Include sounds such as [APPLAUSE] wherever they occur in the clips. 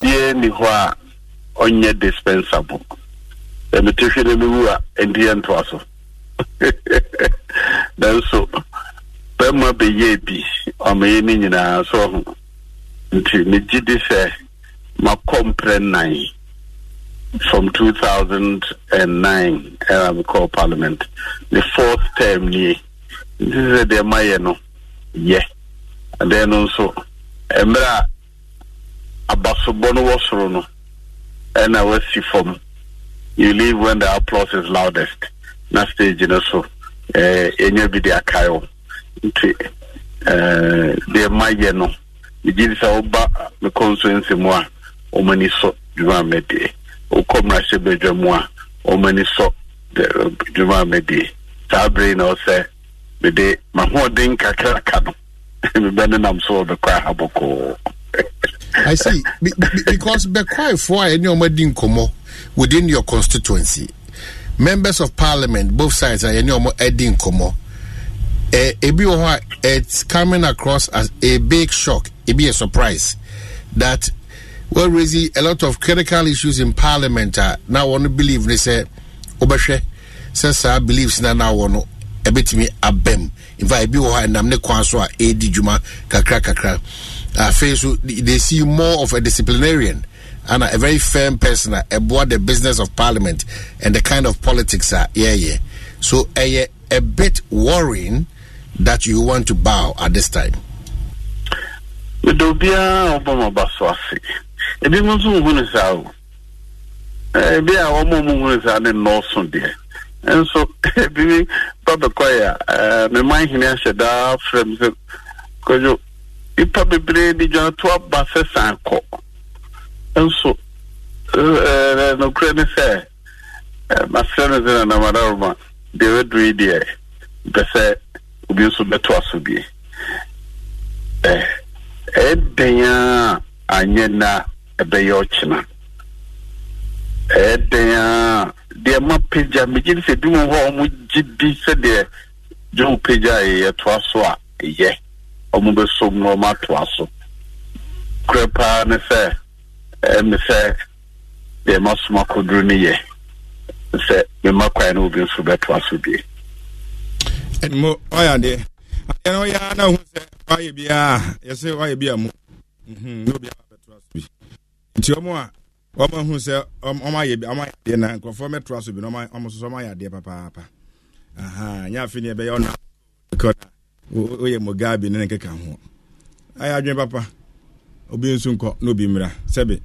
deɛ e [LAUGHS] ni hɔ a ɔnyɛ dispensable ɛmete hwɛ no mewu a ɛndeɛ ntoa so nanso bɛma bɛyɛɛ bi ɔmeyɛ ne nyinaa so ɔho nti megye di sɛ makɔ mprɛ nnan from 2009 ɛna mekɔɔ parliament ne fourth term nie nti sɛ deɛ mayɛ no yɛ ɛdeɛ no nso e mmerɛ a abasobɔ no wɔ soro no ɛna wasi fam you leave when the applause is loudest na stage no so ɛnya eh, bi de akae wo nti eh, deɛ ma yɛ no megye sɛ woba me consuency mu a ɔmani sɔ dwuma mɛdeɛ wokɔ mmarahyɛ badwa mu a ɔmani sɔ dwuma mɛdeɛ saa bere yi na ɔsɛ mede mahoɔden kakraka no [LAUGHS] mebɛne nam so wɔbɛkɔ ahabɔkɔɔ [LAUGHS] I see. Be, be, because Bekwaifo and your Madin within your constituency, members of parliament, both sides, and your Edin Komo, a it's coming across as a big shock, it be a surprise that well, really, a lot of critical issues in parliament. are now, want to believe they say, Obashe, since I believe now, now, want a bit me abem. In fact, I be and I'm ne quite so a kakra kakra. afei so they see more of a disciplinarian and a very firm person about the business of parliament and the kind of politics are yeah yeah so a, a bit worrying that you want to bow at this time mede obiara ɔbɔ maba so ase ebi mu nso nhunu eh, [LAUGHS] ebi a wɔn mu nhunu saa ne nnɔɔso deɛ nso ebi ba bɛkɔ yɛ ɛɛ eh, mmaa hene ahyɛ daa frɛ mu nnipa bebree de dwanato aba sɛ sankɔ nso nokorɛ ne sɛ masrɛ no sɛ nanamadawoma deɛ waduru yi deɛ mpɛ obi nso bɛto aso bie ɛyɛ den anyɛ na ɛbɛyɛ ɔkyena ɛyɛ den a deɛ ma pagya megye ne sɛ bi mu hɔ ɔmo gye di sɛdeɛ gye wo pagya a yɛyɛtoa so a ɛyɛ ɔmo bɛsom na ɔmo atoa so korɛ paa ne sɛ ɛmi e, sɛ deɛ ma som akoduro ne yɛ sɛ mema kwan no obi nso bɛtoa mhm, so bie ɛnmo ɔyɛ adeɛ adeɛ no ɔyɛ na ɔho sɛ wayɛ biaa yɛsɛ wayɛ bi a mu na obi bɛtoa so bi nti ɔmo a ɔmo ahu sɛ ɔmo ayɛ bi ɔmo ayɛ adeɛ na nkurɔfoɔ mɛtoa so bi na ɔmo soso ɔmo ayɛ adeɛ papaapa aha nyɛ afei ne ɛbɛyɛ ɔna kɔna woyɛ mugabe ne ne nkeka ho ayɛ adwene papa obi nso nkɔ na obi mmira sɛbe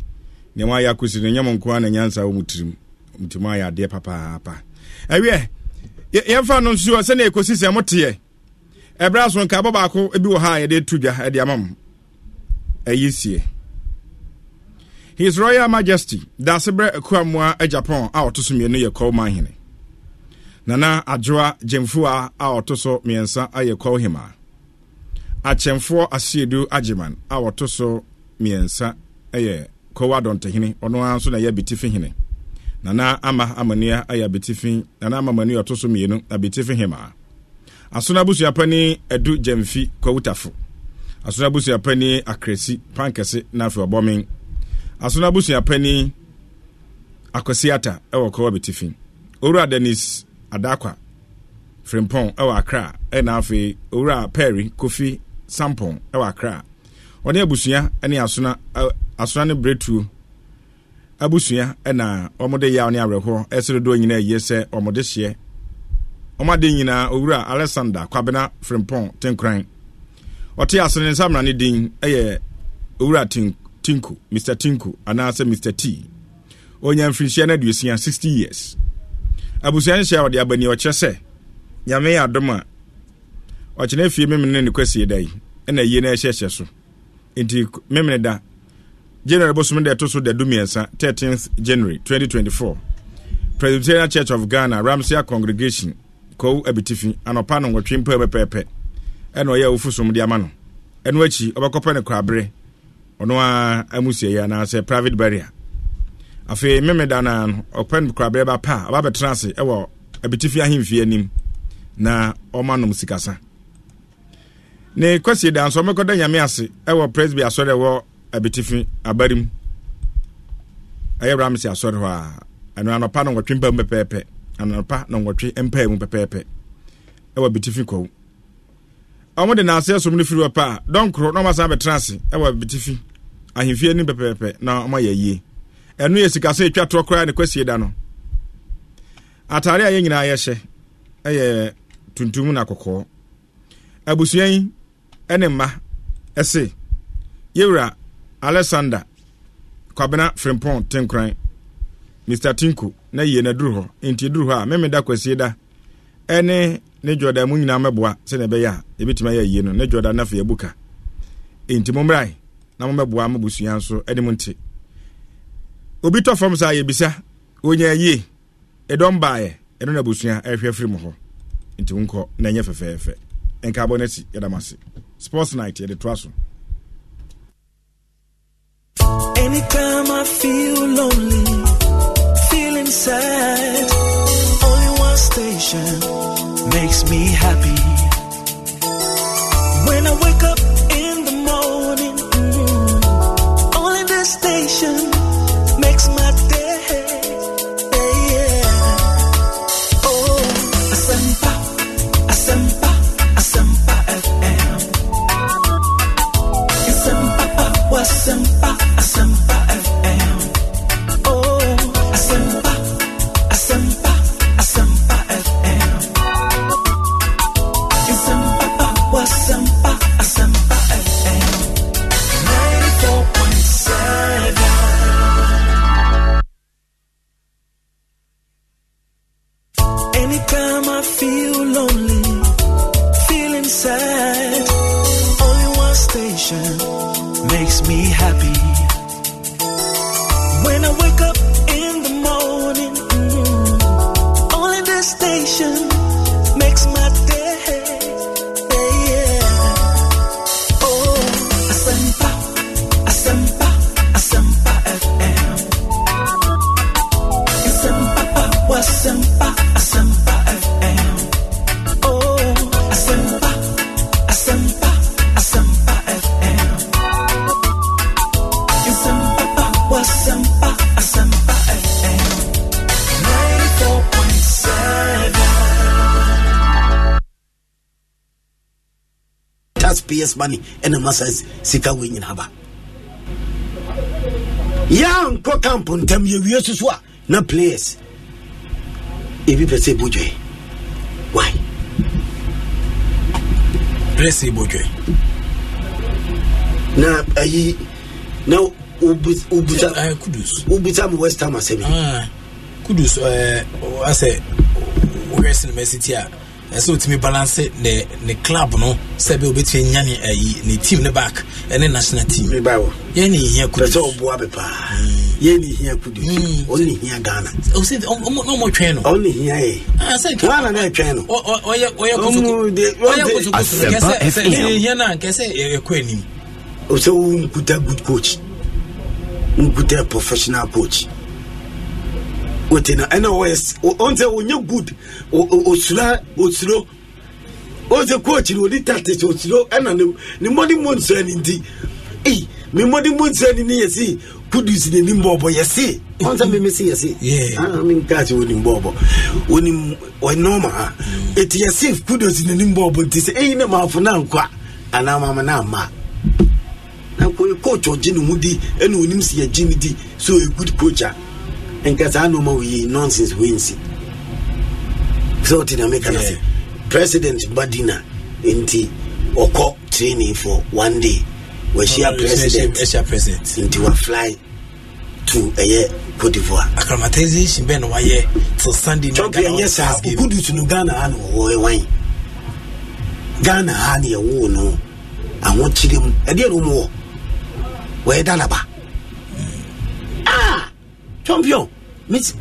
nea waayɛ akosi no nyɛmo nko a na nyansa wɔ mu tirim nti mu ayɛ adeɛ papaapa ɛwiɛ yɛmfa no nsuo sɛnea ɛkɔsi sɛ moteɛ ɛberɛ so nka bɔ baako bi wɔ ha a yɛde to dwa ɛde ama mo ɛyi sie his royal majesty daase berɛ akuamoa japan a ɔto so mmienu yɛ kɔɔma hene nana adwoa gyemfoa a ɔto so mmiɛnsa ayɛ kɔhema akyɛmfoɔ asiedu agyeman a ɔto so mmiɛnsa yɛ kɔwa dɔntehene ɔno ara nso na ɛyɛ abitifi hene nana ama amania ayɛ nana ama amania ɔto so mmienu abitifi hema asona abusuapani adu gyamfi kɔwutafo asona akresi na ɔbɔmen asona abusuapani akwasiata ɛwɔ owura denis adakwa frimpon ɛwɔ akra ɛna afei owura pɛri kofi sampon ɛwɔ akra ɔne abusua ɛne asona asona ne bretuo abusua ɛna ɔmo wɔde yaw ne awerɛhoɔ ɛsɛ do nyinaa yie sɛ ɔmo wɔde hyɛ wɔade nyinaa owura alexander kwabena frimpon tenkran ɔte ase ne nsamra ne din ɛyɛ owura tinku mr tinku anaasɛ mr t onya mfirinhyia no aduosia 60 years abusua nhyɛ a ɔde abani ɔkyerɛ sɛ nyame yɛ adom a ɔkyena fie memene ne kwasie da yi ɛna yie no ɛhyɛhyɛ so nti memene da january bosom da ɛto so da dumiɛnsa 13th january 2024 presbyterian church of ghana ramsia congregation kow abitifi anɔpa no nwɔtwe mpa pɛpɛɛpɛ ɛna ɔyɛ awofu som de ama no ɛno akyi ɔbɛkɔpɛ no korabere ɔno a amusiei anaasɛ private barrier afei memeda no no ɔpɛ koraberɛ ba pa a ɔbɛbɛtena ase ɛwɔ abitifi ahemfie anim na ɔma nom sikasa ne kwasie da nso ɔmɛkɔda nyame ase ɛwɔ presby asɔre ɛwɔ abitifi abare mu ɛyɛ ramsey asɔre hɔ a ɛno na nɔnwɔtwe mpa mu pɛpɛɛpɛ anɔpa nɔnwɔtwe mpaa mu pɛpɛɛpɛ ɛwɔ abitifi kɔw de naase asom no firi hɔ pɛ a dɔnkoro na ɔmasan bɛtena ase ɛwɔ abitifi ahemfie anim pɛpɛɛpɛ na ɔmayɛ yie ɛno yɛ sikasɛ ɛtwa atụ koraa ne kwasie da no ataare a yɛn nyinaa yɛhyɛ ɛyɛ tuntum na kɔkɔɔ abusua yi ɛne mma ɛse yɛwura alexander kwabena frimpon tenkran mr tinko na yie na duru hɔ nti duru hɔ a memeda kwasie da ɛne ne jordan mu nyinaa mɛboa sɛnea ɛbɛyɛ a ayɛ yie no na mommɛboa mo busua nso ɛne mo obi tɔ fam saa yɛbisa wɔnya yie ɛdɔm baeɛ ɛno na abusua ɛhwɛ firi mu hɔ nti wonkɔ na ɛnyɛ fɛfɛɛfɛ nka no akyi yɛdam ase sports night yɛde toa so Anytime I feel lonely, feeling sad, only one station makes me happy. When I wake up in the morning, mm, only this station payers money ɛna masa sika wei nyina ba yɛankɔ camp ntam yɛwie soso a na players ebi pɛ sɛ ɛbɔdwɛ why pɛ sɛ ɛbɔdwɛ na ayi na wobusa wobusa mu west ham asɛmi ah, kudus ɛɛ asɛ wohwɛ sinimɛ city a ɛsɛ otumi balance ne ne club no sɛbi obetumi nya ne ayi ne team ne back ɛne national team. mi ba wɔ. yɛn ni hiya kudu. pɛtɛ ɔbu abɛ paa. Hmm. yɛn ni hiya kudu. Hmm. ɔn ni hiya ghana. o se ɔmo n'ɔmo twɛn no. o ni hiya yɛ. Ah, sɛ nka ghana n'a twɛn no. ɔyɛ ɔyɛ o ɔyɛ kutuku kɛsɛ sɛ yɛn hiya na kɛsɛ ɛkɔ anim. o sɛ o nkuta good coach nkuta professional coach wote na ɛna wɔyɛ ɔnse wɔnyɛ good osura osuro ɔnse kookyi na odi tactics osuro ɛna ne ne mmɔde mu nsura ne nti ee me mmɔde mu nsura ne ne yɛsi kudus ne ni mbɔbɔ yɛsi ɔnse mi mi si yɛsi aa ah, mi nka ase wɔni mbɔbɔ wɔni ɔnɔɔma ha eti yɛsi kudus ne ni mbɔbɔ nti sɛ eyi ne maa fo na nkwa anaa maa ma na ama na kookyi ɔgye ne ho di ɛna eh, onim si yɛ gye ne di so o yɛ good coach a. nka saa nneɛma wo yi nonsense wo nsi sɛ wote na meka no sɛ president badina nti ɔkɔ training for one day wahyia president nti wafly to ɛyɛ eh, cote divoire acclimatization bɛɛ na wayɛ till sunday night ghana ɛnyɛ saa okudu to no ghana ha na wɔwɔ ɛwan ghana ha na yɛwoo no ahokyere mu ɛdeɛ na ɔmu wɔ wɔyɛ dalaba hmm. ah champion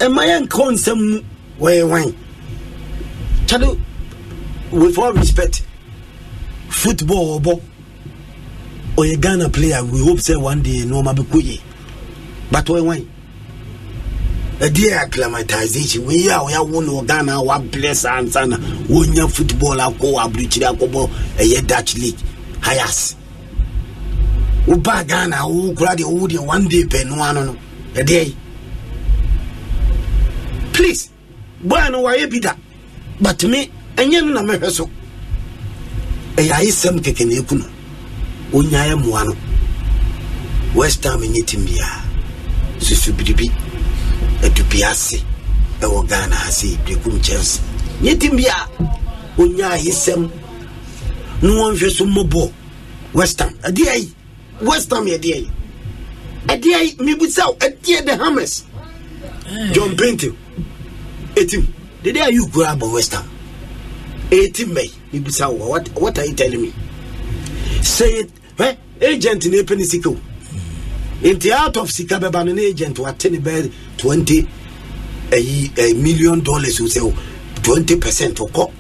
ɛma yɛ nka nsɛm mu wɔyɛ chado with all respect football ɔbɔ oye ghana player we hope say one day nneɛma bɛkɔ yie but ɔyɛ wan ɛdeɛ acclimatization wei a ɔyɛwo ne ghana wabrɛ bless nsa wo wɔnya football akɔ aburukyiri akɔbɔ ɛyɛ dutch league hayas wobaa ghana wo kora deɛ wowo deɛ one day pɛ noa no no please boy no wayɛ bi da but me ɛnyɛ no na mɛhwɛ so ɛyɛ ayesɛm keke na ɛku no ɔnyaɛ mmoa no west ham nyɛ tim biaa susu biribi adubia ase ɛwɔ ghana ase yɛdwekum chelsea nyɛ tim biaa ɔnya ayesɛm na wɔnhwɛ so mmɔbɔ west ham ɛdeɛ yi west ham yɛdeɛ yi ɛdeɛ yi mebusa wo ɛdeɛ the hammers john pinto eighteen. the day you grow up in west ham eighteen may bibisa wo what what are you telling me say it eh agent na epe ne sika nti out of sika bɛba no ne agent wate ne bɛyɛ twenty ayi eh, eh, million dollars o sɛ o twenty percent ɔkɔ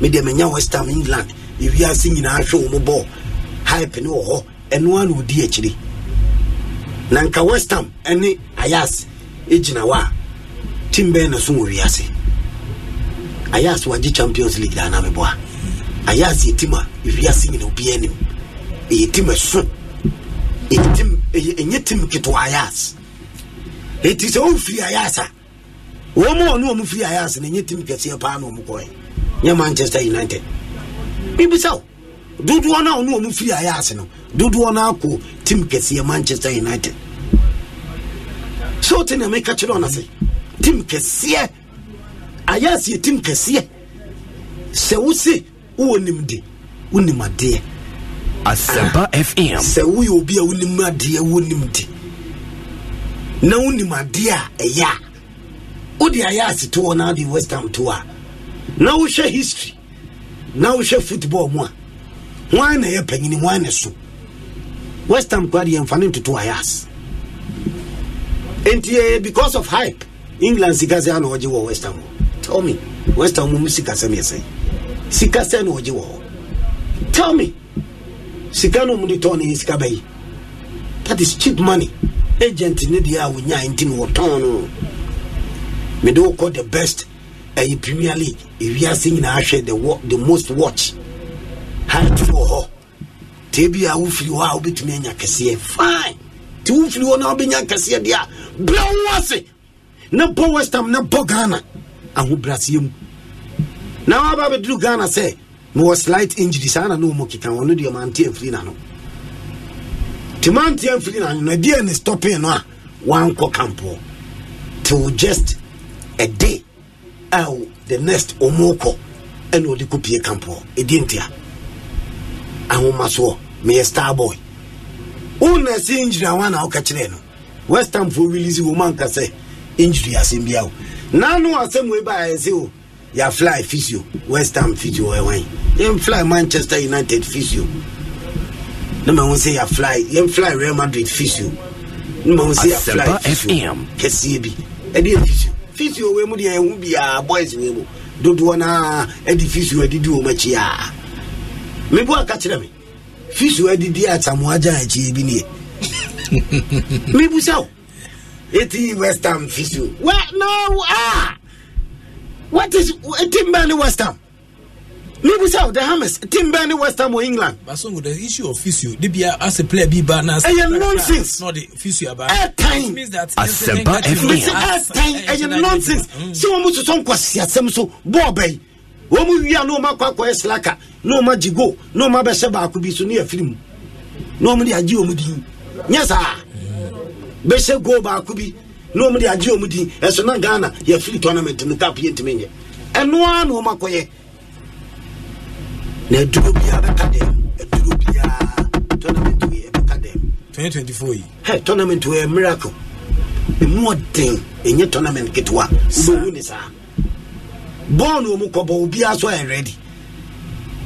me deɛ menya west ham england ewiase nyinaa hwɛ wɔn bɔ hype ne wɔ hɔ ɛnoa na odi akyire na nka west ham ɛne ayas egyina hɔ a. tim bɛɛ na so wɔ wiase ayas wagye champions league daa nameboa ayas yɛ tim a wiase nyina obiaa nim ɛyɛ tim ɛso ɛnyɛ tim ketewa ayas ɛti sɛ womfiri ayas a wɔn mu ɔno ɔmo firi ayas na ɛnyɛ tim kɛseɛ paa na ɔmo kɔɛ nyɛ manchester united bibi o dodoɔ no a ɔno ɔmo firi ayas no dodoɔ no akɔ tim kɛseɛ manchester united so wote na meka kyerɛ ɔno se mm -hmm tim kɛseɛ ayɛ aseɛ tim kɛseɛ sɛ wose wowɔ nimde wonim adeɛ asɛmpa ah, fm sɛ woyɛ obi a wonim adeɛ wonim de na wonim adeɛ a ɛyɛ a wode ayɛ asetoɔ na ade west ham to a na wohwɛ history na wohwɛ football mu a hwan na ɛyɛ panyini hwan na so west ham koradeɛ mfa ne ntoto ayɛ ase because of hype england sika sɛ ana ɔgye wɔ west tell me west ham mu sika sɛ miɛsɛ sika sɛ na ɔgye wɔ tell me sika no mu de tɔn ne sika bɛyi that is cheap money agent ne deɛ a wonya nti na wɔtɔn no mede wokɔ the best ɛyɛ eh, premier league ewiase nyinaa hwɛ the, the most watch high to wɔ hɔ tebi a wofiri hɔ a wobɛtumi anya kɛseɛ fine nti wofiri hɔ na wobɛnya kɛseɛ deɛ a brɛ wo ase na bɔ west ham na bɔ ghana ahobrɛaseɛ mu na waba bɛduru ghana sɛ mewɔ slight injury saa na ne ɔmɔ keka ɔno deɛ mante amfiri nano nti mante amfiri nano na deɛ ne stopping no a wankɔ kampoɔ till just a day a the next ɔmɔkɔ ɛna ɔde kɔpie kampoɔ ɛdi ntia ahomasoɔ meyɛ star boy wona sɛ injury awa na woka kyerɛ no west ham fo release wɔ mu anka sɛ injury asɛm bia o na no asɛm wei ba ayɛ sɛ o physio west ham physio ɛwan fly manchester united physio na mahu sɛ yɛafly fly real madrid physio na mahu sɛ yɛafly physio kɛseɛ bi ɛdeɛ physio physio wei mu deɛ ɛho biaa boys wei mu dodoɔ no ɛde physio adidi wɔ makyi a mebo aka kyerɛ me physio adidi a samoagya akyiɛ bi nie [LAUGHS] mebusa o eti west ham fi so. wẹ no ah what is eh, team bẹẹ ni west ham nibusa saw the hammers team bẹẹ ni west ham or england. basongo the issue of fisio debi uh, as a player bi ba na. ẹ yẹ nonsense no the fisio aba. time. asẹba ẹfẹ mi sẹ airtime ẹ yẹ nonsense ṣé wọn mú tuntun nkọ si so bọọ bẹyì wọn mú wia ní wọn má kọ akọ ẹ silaka ní wọn má go ní wọn má bẹ ṣẹ baako bi so ní yẹ firimu ní wọn mú di ají wọn mú di yẹn sáà bɛhyɛ goal baako bi na wɔn de agye wɔn din ɛso na ghana yɛfiri tournament no cup yɛntumi nyɛ ɛnoa na wɔn akɔyɛ na aduro biara bɛka dɛm aduro biara tournament wei ɛbɛka dɛm. twenty twenty four yi. hɛ tournament wei miracle emu ɔden enye tournament ketewa wobɛwu ne saa bɔɔl wɔn kɔbɔ obiara so ayɛ ready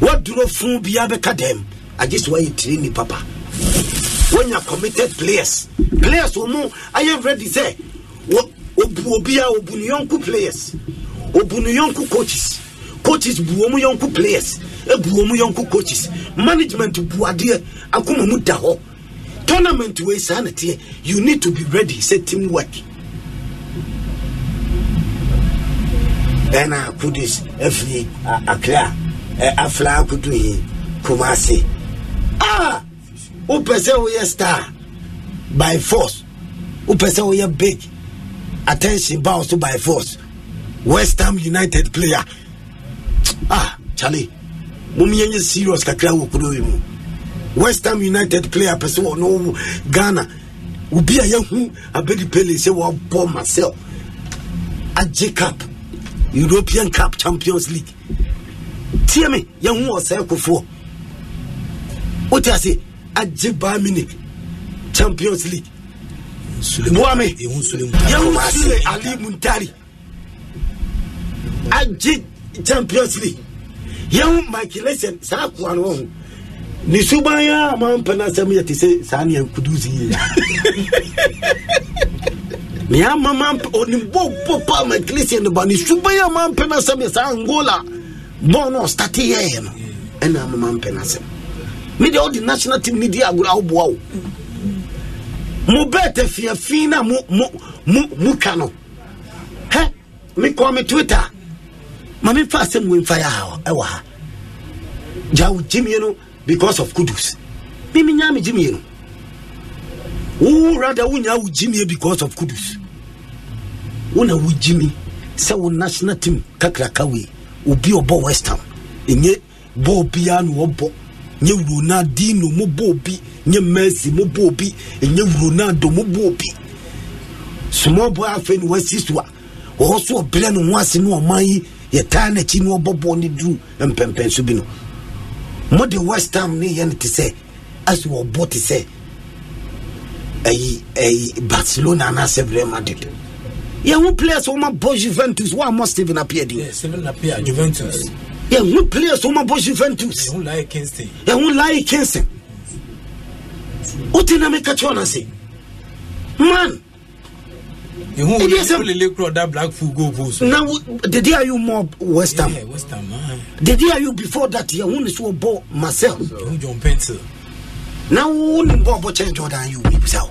waduro fun biara bɛka dɛm agye so ayɛ tiri ni papa wɔnya committed players players wɔn mu ayɛ ready sɛ wɔ obu obiara obu ne yɔnko players obu ne yɔnko coaches coaches bu wɔn yɔnko players ebu wɔn yɔnko coaches management bu adeɛ akoma mu da hɔ tournament wei saa na teɛ you need to be ready sɛ team work. ɛna kudus afiri akra afra akutu yi kumase a wopɛ sɛ woyɛ star by force wopɛ sɛ woyɛ big attention ba so by force west ham united player ah chale momyɛnyɛ serious kakra wɔ kuro mu west ham united player pɛ sɛ wɔno ghana obi a yɛhu abedi pele sɛ wɔbɔ marcel agye cup european cup champions league tie me yɛhu ɔsɛe kofoɔ wote ase agye baa munich champions league buame yɛma sule ali muntari agye champions league yɛho michaelation saa koa no ho ne suban a mampɛ no asɛm yɛte sɛ saa ne ankudusi yɛ ne ama mampɛ ɔne bɔbɔ pa michaelation no ba ne suban a mampɛ no asɛm yɛ saa angola bɔɔ no ɔstate yɛɛ no ɛna ama mampɛ no asɛm medeɛ wode national team ne di agorɔ a woboa mo bɛɛ tɛ fiyɛ fin na mo mo mo mo twa no hɛ mi kɔ mi twitter maame nfa asɛm wo nfa yɛ ha ɛwɔ ha gyawo gyimie no because of kudus mimi nyaa mi gyimie no wo rada wo nyaa wo gyimie because of kudus wo na wo gyimi sɛ wo national team kakraka wei obi ɔbɔ west ham enye bɔɔl biara na ɔbɔ nye ronaldino mo bɔ bi nye messi mo bɔ obi nye ronaldo mo bɔ obi small boy afei ni wasi so a wɔn so ɔbrɛ ne ho ase ne ɔman yi yɛtaa n'akyi ne ɔbɔ bɔɔl ne duru mpɛmpɛn so bi no mo de west ham ne yɛn te sɛ asi wɔbɔ te sɛ ɛyi ɛyi barcelona anaasɛ real madrid yɛn ho players wɔn ma bɔ juventus wɔn a mo steven apia di. Yeah, steven apia juventus. Uh, yɛhu players wɔma bɔ juventus yɛhu lai kinston wote na meka kyerɛ no ase man Now, the day are you more West Ham? Yeah, West Ham. The day are you before that? You only saw ball myself. John Pencil. Now, only ball change Jordan. You people.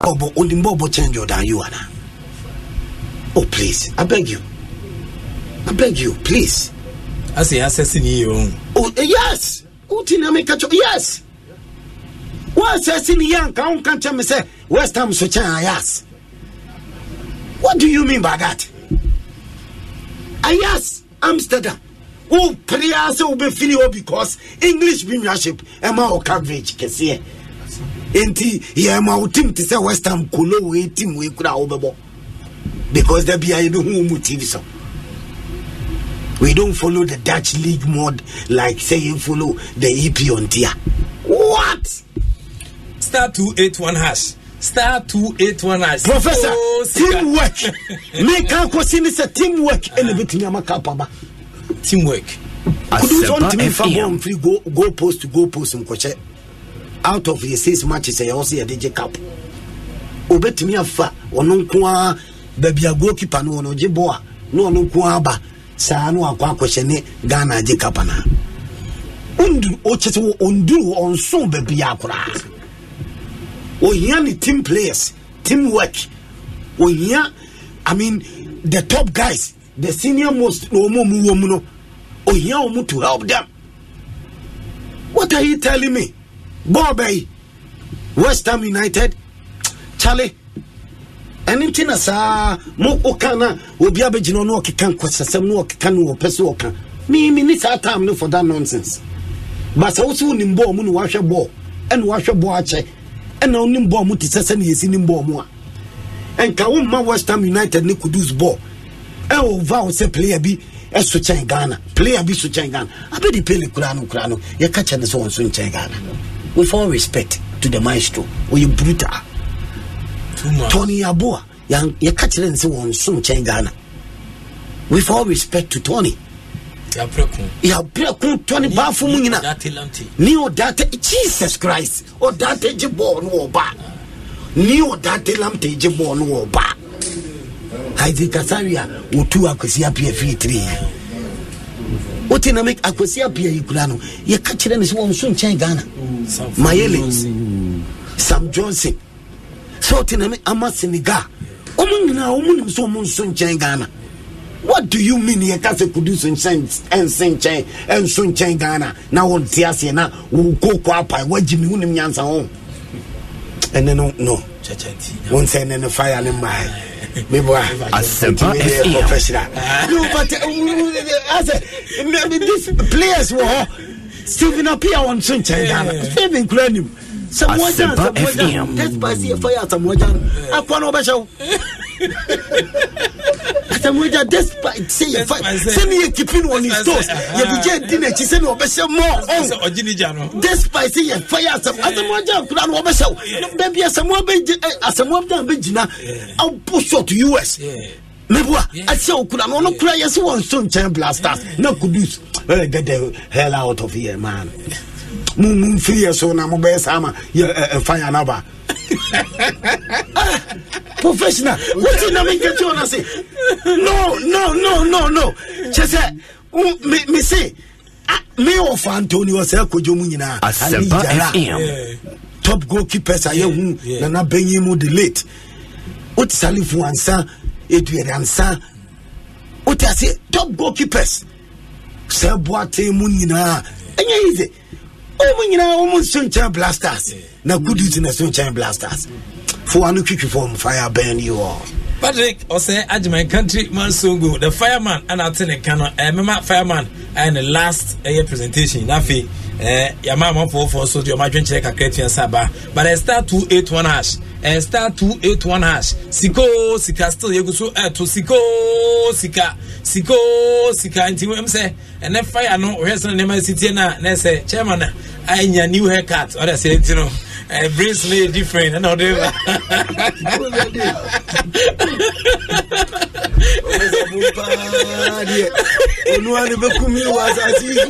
Bobo, only Bobo change your than you, Anna. Oh, please, I beg you. I beg you, please. I say, assessing you. Oh, eh, yes. Utina make a Yes. What's assessing young? Can't catch me say, West Ham so chan, yes. What do you mean by that? I ah, yes, Amsterdam. Oh, prayers will be feel because English premiership, Emma or oh, coverage, can see nti yɛ ma wo tim te sɛ western kolo wo tim wei kura wo bɛbɔ because da a yɛ bɛhu mu tv so we don't follow the dutch league mod like say you follow the ep on tia what star one hash star two eight one hash professor oh, teamwork [LAUGHS] me kan ko si ni sɛ teamwork ɛna e bɛtumi ama ka paba teamwork kudu sɔn timi fa e bɔ nfiri go go post go post nkɔkyɛ out of the six matches ɛyɛ ɔsɛ yɛde gye cap obetumi afa ɔno nko ara baabi a goalkeeper no ɔno gye bɔ a na ɔno nko ara aba saa no akɔ akɔhyɛ ne ghana agye cap na ondu okyete onduru ɔnso baabi akora ohia ne team players team work ohia i mean the top guys the senior most na wɔn a wɔwɔ mu no ohia wɔn to help them what are you telling me bɔɔl bɛyi west ham united kyale ɛne nti na saa mo woka no obi abɛgyina no ɔkeka nkɔsɛsɛm no ɔkeka no wɔpɛ sɛ ɔka mimi ne saa time no for that nonsense but sɛ wo sɛ wonim bɔɔl mu ne woahwɛ bɔɔl ɛne woahwɛ bɔɔl akyɛ ɛna wonim bɔɔl mu te sɛ sɛne yɛsi nim bɔɔl mu a ɛnka womma west ham united ni kudus bɔɔl ɛwɔva e wo sɛ player bi ɛso e kyɛn ghana player bi so kyɛn ghana abɛde pele koraa no koraa no yɛka kyɛ ne sɛ wɔn so nkyɛn ghana with all respect to the maestro ɔyɛ brutal tony aboa yɛka kyerɛ ne sɛ wɔnso nkyɛn ghana with all respect to tony yɛabrɛko tɔne baafo mu nyina ne ɔdate jesus christ ɔdate gye bɔɔ no wɔ ɔbaa ne ɔdate lamte gye bɔɔ no wɔ ba isaac kasaria wɔtu akwasi apia fie tirii wote na akwasi apia yi kura no yɛka kyerɛ no sɛ wɔn so nkyɛn ghana mayele sam johnson sɛ wote na ama senegal ɔmo nyinaa ɔmo nim sɛ ɔmo nso nkyɛn ghana what do you mean yɛka sɛ kudu so nkyɛn ɛnse nkyɛn ɛnso nkyɛn ghana na wɔnte aseɛ na wɔn kooko apae wɔagye me wonim nyansa ho ɛne no no wọn sẹ ne ne fire ne mmaa yi mi bọ a asempa fm e professional no but uh, mm, mm, mm, uh, ase these players wọ stephen apia wọn nso nkyɛn ghana stephen kura nim samuwajan samuwajan test pass yɛ fire samuwajan akɔ na ɔbɛhyɛ Atamuja, despite say your fight, send me keeping on his toes. You begin dinner, she send me obesha more. Despite say your fire, Atamuja, Kuran obesha. Baby, Asamoah eh, be Asamoah be Gina. I'll push out to US. mebua ah, ase okura no no kura yesi won so nchen blasters na kudus let eh, get the hell out of here man mu mu mfiri yɛ so na mo bɛyɛ saa ma yɛ ɛ ɛfa yɛ anaba. [LAUGHS] professional wetin na mi n ɔna se no no no no no kyɛ sɛ mi mi se mi wɔ fa ntoni wɔ sɛ kojú mu nyinaa asepa fm top goalkeepers a yɛ hu nana bɛnyin mu de late o ti sali fun ansa eduere ansa o ti ase top goalkeepers sɛ buate mu nyinaa ɛnyɛ yi de ɔmu nyinaa ɔmu nso nkyɛn blasters na good ti na so nkyɛn blasters fo ano twitwi fɔm fire burn you all. patrick ɔsɛ agyeman country man songo the fireman ana ate ne nka no ɛɛ mɛma fireman ɛyɛ eh, ne last ɛyɛ eh, presentation n'afɛ ɛɛ eh, yamma amafɔwɔfɔ so deɛ ɔmo adwenkyerɛ kakra tia saba but ɛyɛ star two eight one hash ɛyɛ star two eight one hash sikoo sika still yegu so ɛɛto sikoo sika sika sika nti wem sɛ ɛnɛ fire no wɔhwɛ sɛ nneɛma si tie na na sɛ chairman a anya new haircut ɔda sɛ nti no ɛɛ eh, brace no yɛ different ɛna ɔde [LAUGHS] ba. [LAUGHS] deɛ ɔnoa ne bɛkum yi wɔ asase so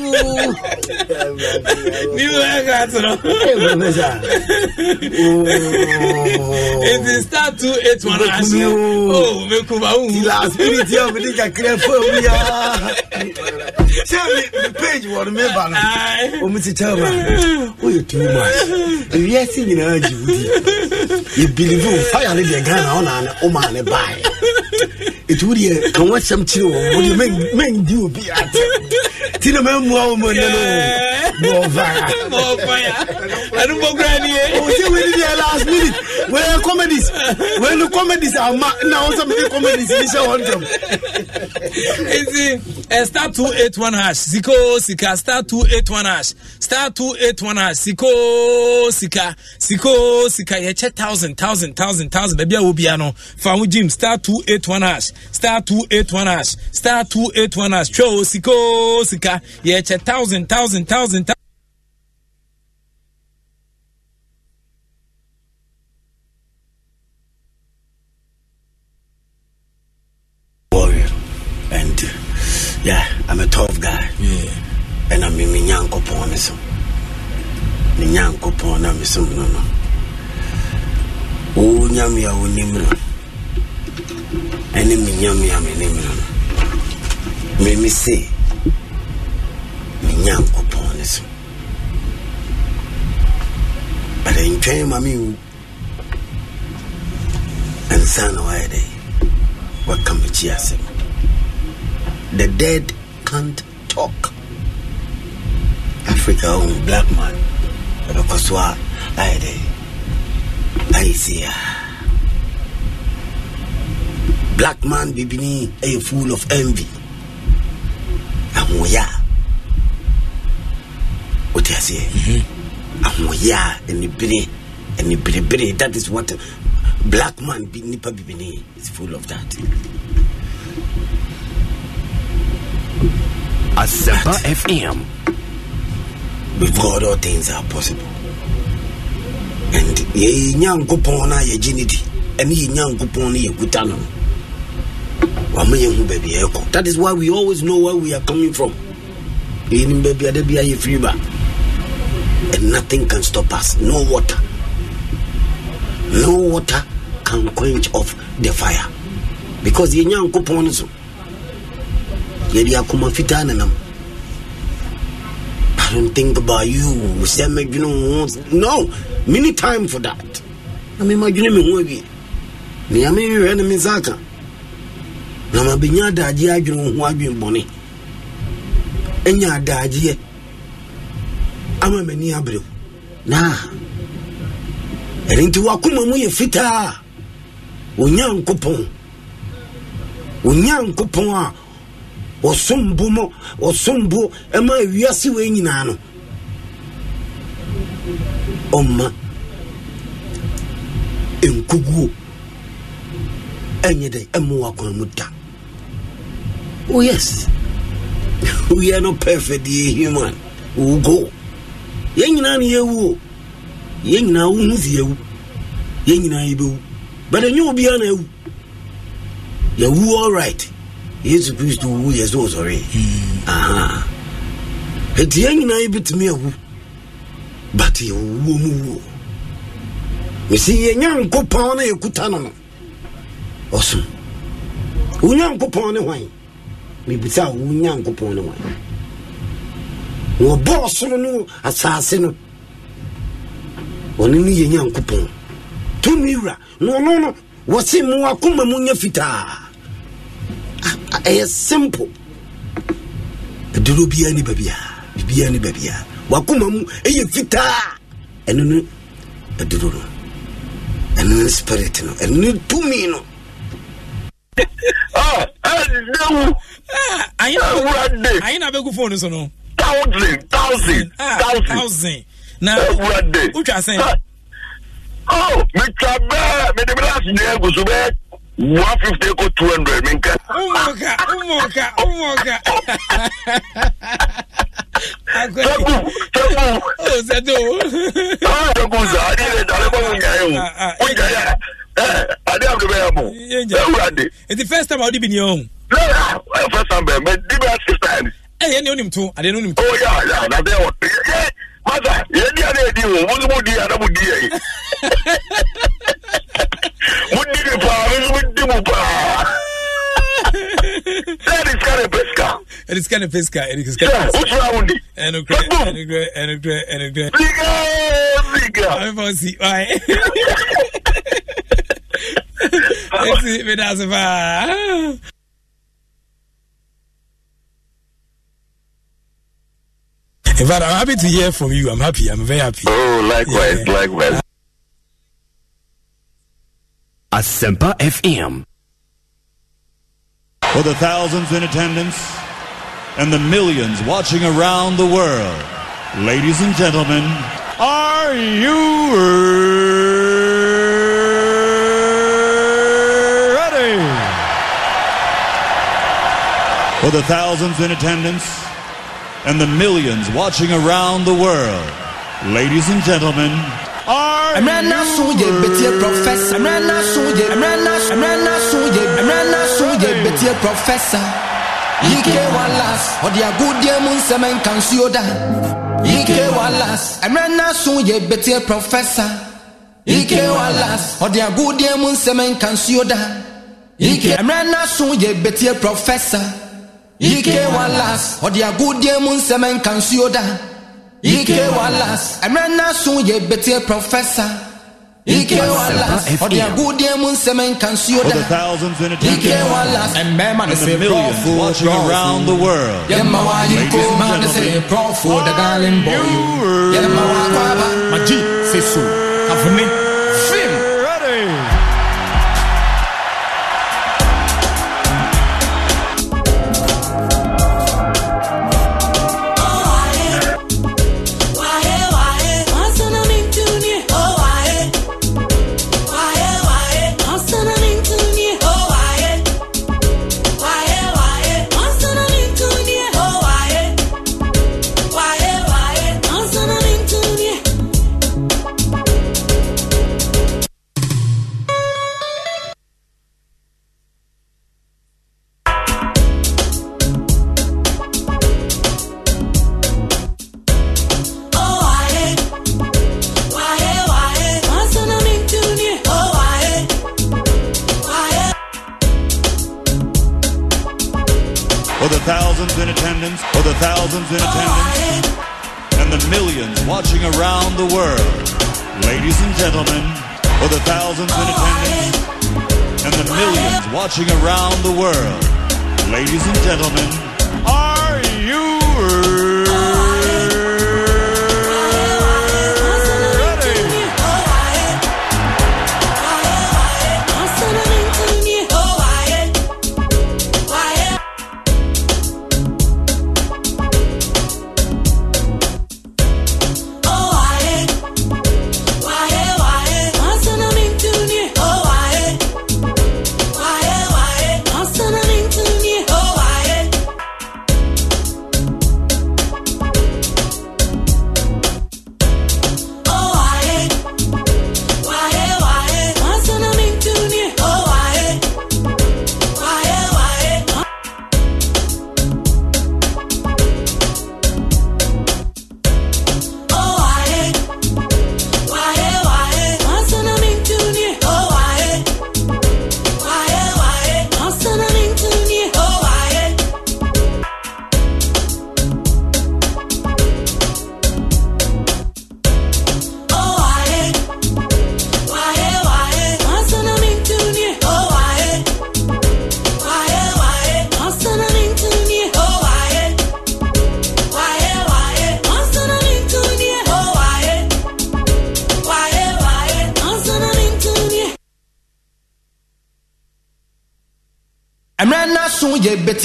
nti star two eight one ahye o oh, mekum ahuhu last minute yɛ ɔmede kakra fam ya sɛ page wɔ no meba no ɔmu te kyɛw ma woyɛ too much ewiase nyinaa gye wo di yɛbilive wo fire no deɛ ghana wonaa ne womaa ne baeɛ ɛti wodeɛ ka woasɛm kyerɛ wɔ wode mendi obi atɛ nti na mammua wo mɔ nɛ no wɔvaa I'm on fire. I don't go granny. Oh, see, we did the last minute. Where comedies? Where the comedies are now? Some of the comedies in the one them. Is it star two eight one hash? Siko sika star two eight one hash. Star two eight one hash. Siko sika siko sika. You check thousand thousand thousand thousand. Baby, I will be ano. Found Jim star two eight one hash. Star two eight one hash. Star two eight one hash. Cho siko sika. You check thousand thousand thousand thousand. black man bibini ɛyɛ full of envy ahoyɛ a wote aseɛ ahoyɛ mhm. a anibere aniberebere that is what black man bi nipa bibini is full of that Asempa FM. Before all things are possible. And yɛ nyankopɔn na yɛgye ne di ɛne yɛ nyankopɔn no yɛkuta no that is why we always know where we are coming from and nothing can stop us no water no water can quench off the fire because yɛn nyankopɔn no so yɛde akoma I don't think about you. Sɛ No, many time for that. I mean, my dream is going to be. Me, I mean, na ma bɛnya adagyeɛ adwene ho adwene bɔne ɛnya adagyeɛ ama m'ani aberew na ɛne nti wakoma mu yɛ fitaa onyankopɔn onyankopɔn a wɔsombo mo wɔsombo ɛma awiase wei nyinaa no ɔmma nkuguo ɛnyɛ dɛ ɛmo wakoma mu da Oh, yes. [LAUGHS] We are not perfect, ye human. We go. Yɛn nyinaa ni yɛwu. Yɛn nyinaa wuhu si yɛwu. Yɛn nyinaa yɛbɛwu. But ɛnyɛ obiara na yɛwu. Yɛwu all right. Yesu Kristo wu yɛ so sɔre. Eti yɛn nyinaa yɛ bitumi ɛwu. But yɛwu wo mu wo. Mesi yɛ nyanko pɔn na yɛkuta no no. Awesome. Wo nyanko pɔn ne hwan. mebisa a wo nyankopɔn no wa na ɔbɔɔ soro no asase no ɔno no yɛ nyankopɔn tumi wura na ɔno no wɔse mo akoma mu nyɛ fitaa ɛyɛ simple aduro biara ne baabiaa biribiara ne baabiaa wakoma mu ɛyɛ fitaa ɛno no aduro no ɛno no spirit no ɛno no tumi no [LAUGHS] ah ẹnìdẹ́wù ah, ẹwúrẹ́ ah, ah, dé. àyìn náà abẹ́kú fóònù sọ nù. thousand thousand thousand na ẹwúrẹ́ dé. ó twà sẹ́yìn. ọ mi twa bẹ́ẹ̀ mi ní bílá sí ní ẹgùn so bẹ́ẹ̀ one fifty ko two hundred mi nkẹ. umuka umuka umuka. sẹ́kù sẹ́kù. ó sẹ́kù. ó sẹ́kù sọ adé rẹ̀ dàrẹ́ bọ́ mu nyà yẹn o. ó nyà yẹn. Eh, Eh, ade a bɛ yɛ mu ewurade. nti first time a ɔde bi ni ɔn. lera first time bɛn mɛ dibi a six times. ɛ eh, yɛn ni onim to ade ni onim to. o oh, ya ya n'ade wɔ yɛ masa yɛn di ade di o musu mu di yɛ anamu di yɛ ye. mu di mi paa musu mu di mu paa. That is kind of pesca. It is kind of pesca. It is kind of pesca. What's wrong with it? And a great, and a great, and a great, and a great. Bigger, bigger. I'm fancy. Why? [LAUGHS] In fact, I'm happy to hear from you. I'm happy. I'm very happy. Oh, likewise, yeah. likewise. Semper FM. For the thousands in attendance and the millions watching around the world, ladies and gentlemen, are you for the thousands in attendance and the millions watching around the world. Ladies and gentlemen, I'm our Amrana Suye Betia Professor I'm I'm I'm I'm Amrana Amrana Suye Amrana Suye Betia Professor Yike Wallace or last, I'm Kansioda Yike Wallace Amrana Suye Betia Professor Yike Wallace or I'm Munsemen Kansioda Yike Amrana Suye Betia Professor ike walas ɔde agudie mu nsɛm nka nsuo da ike walas ɛmɛ naso ye betie professor. ike walas good ɔde agudie mu nsɛm nka nsuo da ike walas man ɛmɛɛma ne se prɔfo prɔfo yɛma wa yiko ma ne se prɔfo dadalen bɔ yɛma wa kwaba ma ji se so me.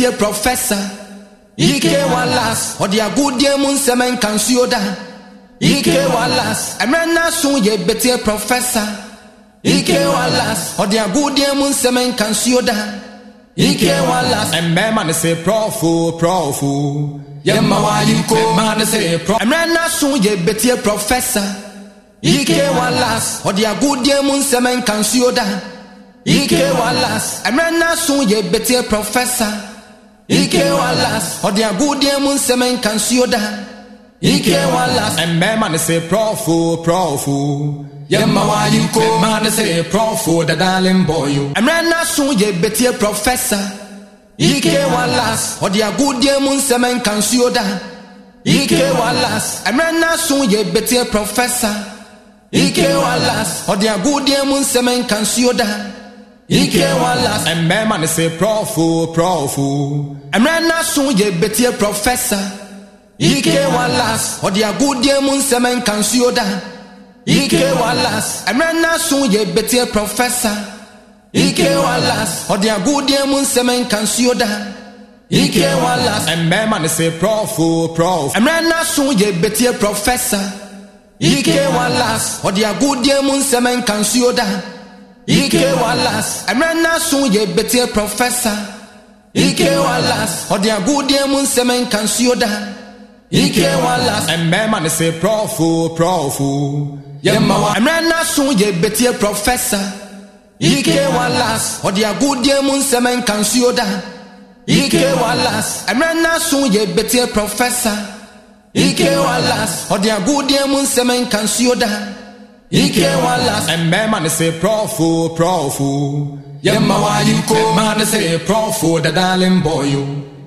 tie prɔfɛsa yike walas ɔde agodie mu nsɛm nka nsuo da yike walas ɛmɛ naso yɛ betie prɔfɛsa yike walas ɔde agodie mu nsɛm nka nsuo da yike walas ɛmɛɛma ne se prɔfo prɔfo yɛma wa yiko ma ne se prɔ ɛmɛ naso yɛ betie prɔfɛsa yike walas ɔde agodie mu nsɛm nka nsuo da yike walas ɛmɛ naso yɛ betie prɔfɛsa ike walas ɔde agodeɛ mu nsɛm nka nsuo da ike walas mmarima ne se prɔfo prɔfo yɛma wayi ko mmaa ne se prɔfo dadaalen bɔyo mmerɛ n'aso yɛ betie prɔfɛsa ike walas ɔde agodeɛ mu nsɛm nka nsuo da ike walas mmerɛ n'aso yɛ betie prɔfɛsa ike walas ɔde agodeɛ mu nsɛm nka nsuo da ike wala. mmarima ne se prɔfo prɔfo. mmerɛ n'aso yɛ betie prɔfɛsa. ike wala. ɔde agudie mu nsɛm nka nsuo da. ike wala. mmerɛ n'aso yɛ betie prɔfɛsa. ike wala. ɔde agudie mu nsɛm nka nsuo da. ike wala. mmarima ne se prɔfo prɔfo. mmerɛ n'aso yɛ betie prɔfɛsa. ike wala. ɔde agudie mu nsɛm nka nsuo da ike walas ɛmɛ naso yɛ betie prɔfɛsa ike walas ɔde agudeɛ mu nsɛm nka nsuo da ike walas ɛmɛɛma ne se prɔfo prɔfo yɛma wa ɛmɛ naso ye betie professor. ike walas ɔde agudeɛ mu nsɛm nka nsuo da ike walas ɛmɛ naso ye betie professor. ike walas ɔde agudeɛ mu nsɛm nka nsuo da. He Ike one last. And man, man, say pro fool, pro fool. Yeah, ma, why you go? Man, say pro fool, the darling boy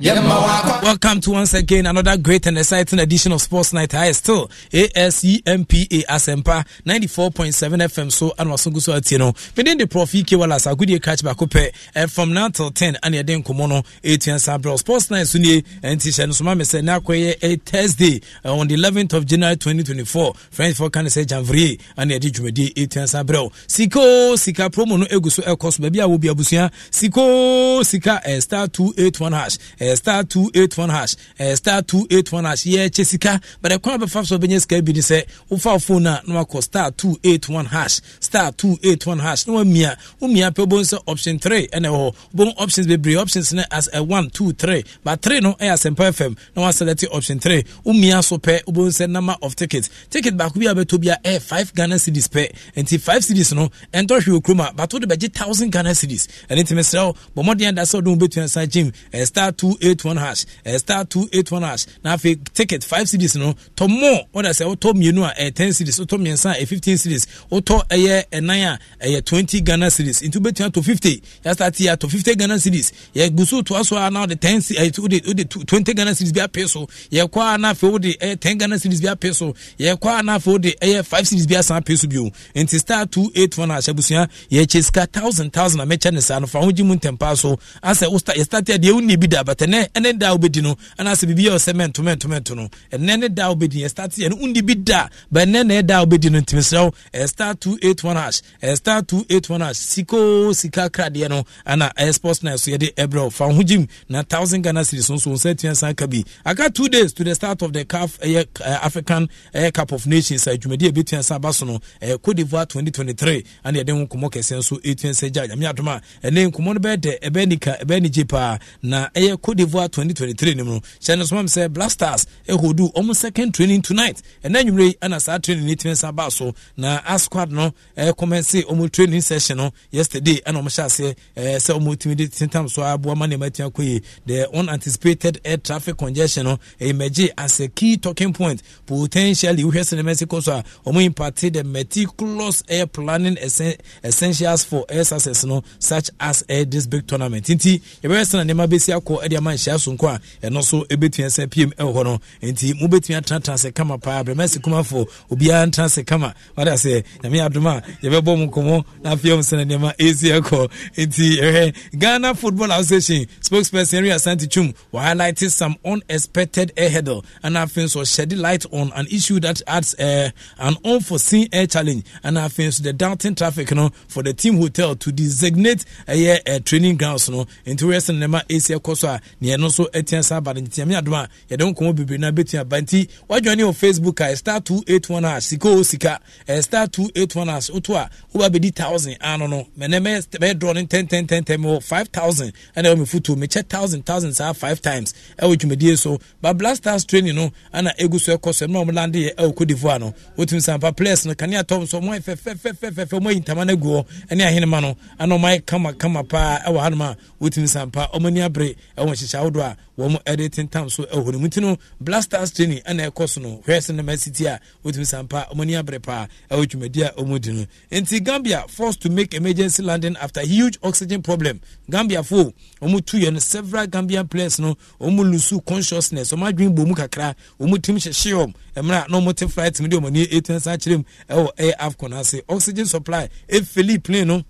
Welcome to once again another great and exciting edition of Sports Night. I still e ASEMPA Asempa 94.7 FM. So, and was so at you know, but then the prof EK Wallace, a good catch back up eh, eh, from now till 10 and then Komono 8 and Sabro Sports Night Sunday and Tishan Sumame said now a Thursday eh, on the 11th of January 2024. French for can say Janvier and the Jumedi 8 Sabro Siko Sika promo no Eguso El Cos, baby. I will be Abusia Siko Sika star 281 hash star two eight one hash star two eight one hash yɛkyɛ sika but ɛkwan bɛfa so bɛnyɛ sika bi ne sɛ wofa phone a na wakɔ star two eight one hash star two eight one hash na wamia womia pɛ wobɛhu sɛ option three ɛna ɛwɔ hɔ wobɛhu options bebree options no as a one two three but three no ɛyɛ eh, asɛmpa fm na waselɛte option three womia so pɛ wobɛhu sɛ number of tickets ticket baako bi a bɛtɔ eh, bi a ɛyɛ five ghana cities pɛ nti five cities no ɛntɔ hwee okurom a but wode bɛgye thousand ghana cities ɛne ntimi serɛ wo bɔ mmɔden ada sɛ wode wobɛtua sa gyem eh, star two two eight one hash ɛyɛ eh, star two eight one hash na afei ticket five series no tɔ more ɔda sɛ wotɔ mmienu a ɛyɛ eh, ten series wotɔ mmiɛnsa a eh, ɛyɛ fifteen series wotɔ ɛyɛ ɛnan a ɛyɛ twenty ghana series nti wobɛtumi atɔ fifty yɛasa ti atɔ fifty ghana series yɛgu so toa so a na wode ten ɛyɛ wode wode twenty ghana series bi apɛ so yɛkɔ a na afei wode ɛyɛ ten ghana series bi apɛ so yɛkɔ a na afei wode ɛyɛ five series bi asan apɛ so bio nti star two eight one hash abusua yɛkyɛ sika thousand thousand a mɛkyɛ ne saa no fa ho gye mu ntɛmpa so asɛ wo start yɛ start yɛ deɛ wo nni bi da bata ɛnɛ ɛnɛ da wobɛdi no anaasɛ biribi yɛ ɔsɛ mɛnto mɛnto mɛnto no ɛnɛ ne da wobɛdi yɛ e start yɛ no wondi bi da ba ɛnɛ na ɛda wobɛdi no ntimi serɛ wo ɛyɛ star 281 hash ɛyɛ e eight one hash siko sika kradeɛ no ana ɛyɛ e sports night so yɛde ɛbrɛ wo fa wo na thousand ghana series nso nsa atua san ka aka two days to the start of the caf ɛyɛ african ɛyɛ cup of nations a dwumadi a ɛbɛtua san aba so no ɛyɛ cote d'ivoire three ana yɛde ho nkɔmmɔ kɛseɛ nso ɛtua sɛ gya nyame adom a ɛnɛ na ɛyɛ Cote d'Ivoire 2023 nim no hyɛ no soma m sɛ blasters ɛhodu ɔmo second training tonight ɛna nwummerɛ yi ana saa training no tumi sa baa so na asquad no ɛkɔmɛnse ɔmo training session no yesterday ɛna ɔmo hyɛ aseɛ ɛɛ sɛ ɔmo tumi de tentam so aboa ma nneɛma atumi akɔ yie the unanticipated air traffic congestion no ɛyɛmɛgye as a key talking point potentially wohwɛ sɛ nneɛma ɛsi kɔ so a ɔmo imparte the meticulous air planning essentials for air success no such as this big tournament nti yɛbɛyɛ sɛ na nneɛma bɛsi akɔ ɛde ama ama nhyia so nko a ɛno nso ɛbɛtumi sɛ pm ɛwɔ hɔ no nti mobɛtumi atenatena sɛ kama paa brɛmasi kumafoɔ obiara ntena sɛ kama wada sɛ nyame adom a yɛbɛbɔ mu nkɔmmɔ na afei ɔm nneɛma ɛsi ɛkɔ nti ɛhwɛ ghana football association spokesperson henry asante twum highlighted some unexpected air hurdle and afei nso shed light on an issue that adds uh, an unforeseen air challenge and afei nso the downtown traffic no for the team hotel to designate ɛyɛ uh, uh, training grounds no nti wɔyɛ sɛ nneɛma ɛsi ɛkɔ so a ne ɛno nso atia saa aba no nti nyame adom a yɛde nkɔmmɔ bebree no bɛtumi aba nti woadwane wɔ facebook a star 281 a sika o sika star one a woto a woba bɛdi 1000 ano no mɛnɛ mɛyɛ dɔɔ no 101010 five thousand, ɛna ɛwɔ mefoto thousand 1000 saa five times ɛwɔ dwumadie so but blastars training no ana ɛgu so ɛkɔ so ɛno na ɔmlande yɛ ɛwɔ kodivoa no wotumi sampa players no kanea tɔm so ɔmo ayɛ fɛfɛfɛfɛfɛ ɔmo ayi ntama no agu hɔ ɛne ahenema no ana ɔmo ayɛ kamakama paa ɛwɔ hanom a wotumi sampa ɔmo ani abere ɛwɔ nhyehyɛ ahodoɔ a wɔn ɛde tentam so ɛwɔ ne mu ti no blasters training ɛna ɛkɔ so no hwɛɛsɛ no mɛsiti a wotumi sampa wɔn ani abere paa ɛwɔ dwumadi a wɔn di no nti gambia forced to make emergency landing after huge oxygen problem gambia fo wɔn tu yɛ no several gambian players no wɔn lusu consciousness wɔn adwene bɔ mu kakra wɔn tim hyehyɛ wɔn mmerɛ na wɔn te flight mu de wɔn ani etu nsa kyerɛ mu ɛwɔ ɛyɛ afcon ase oxygen supply efeli plane no.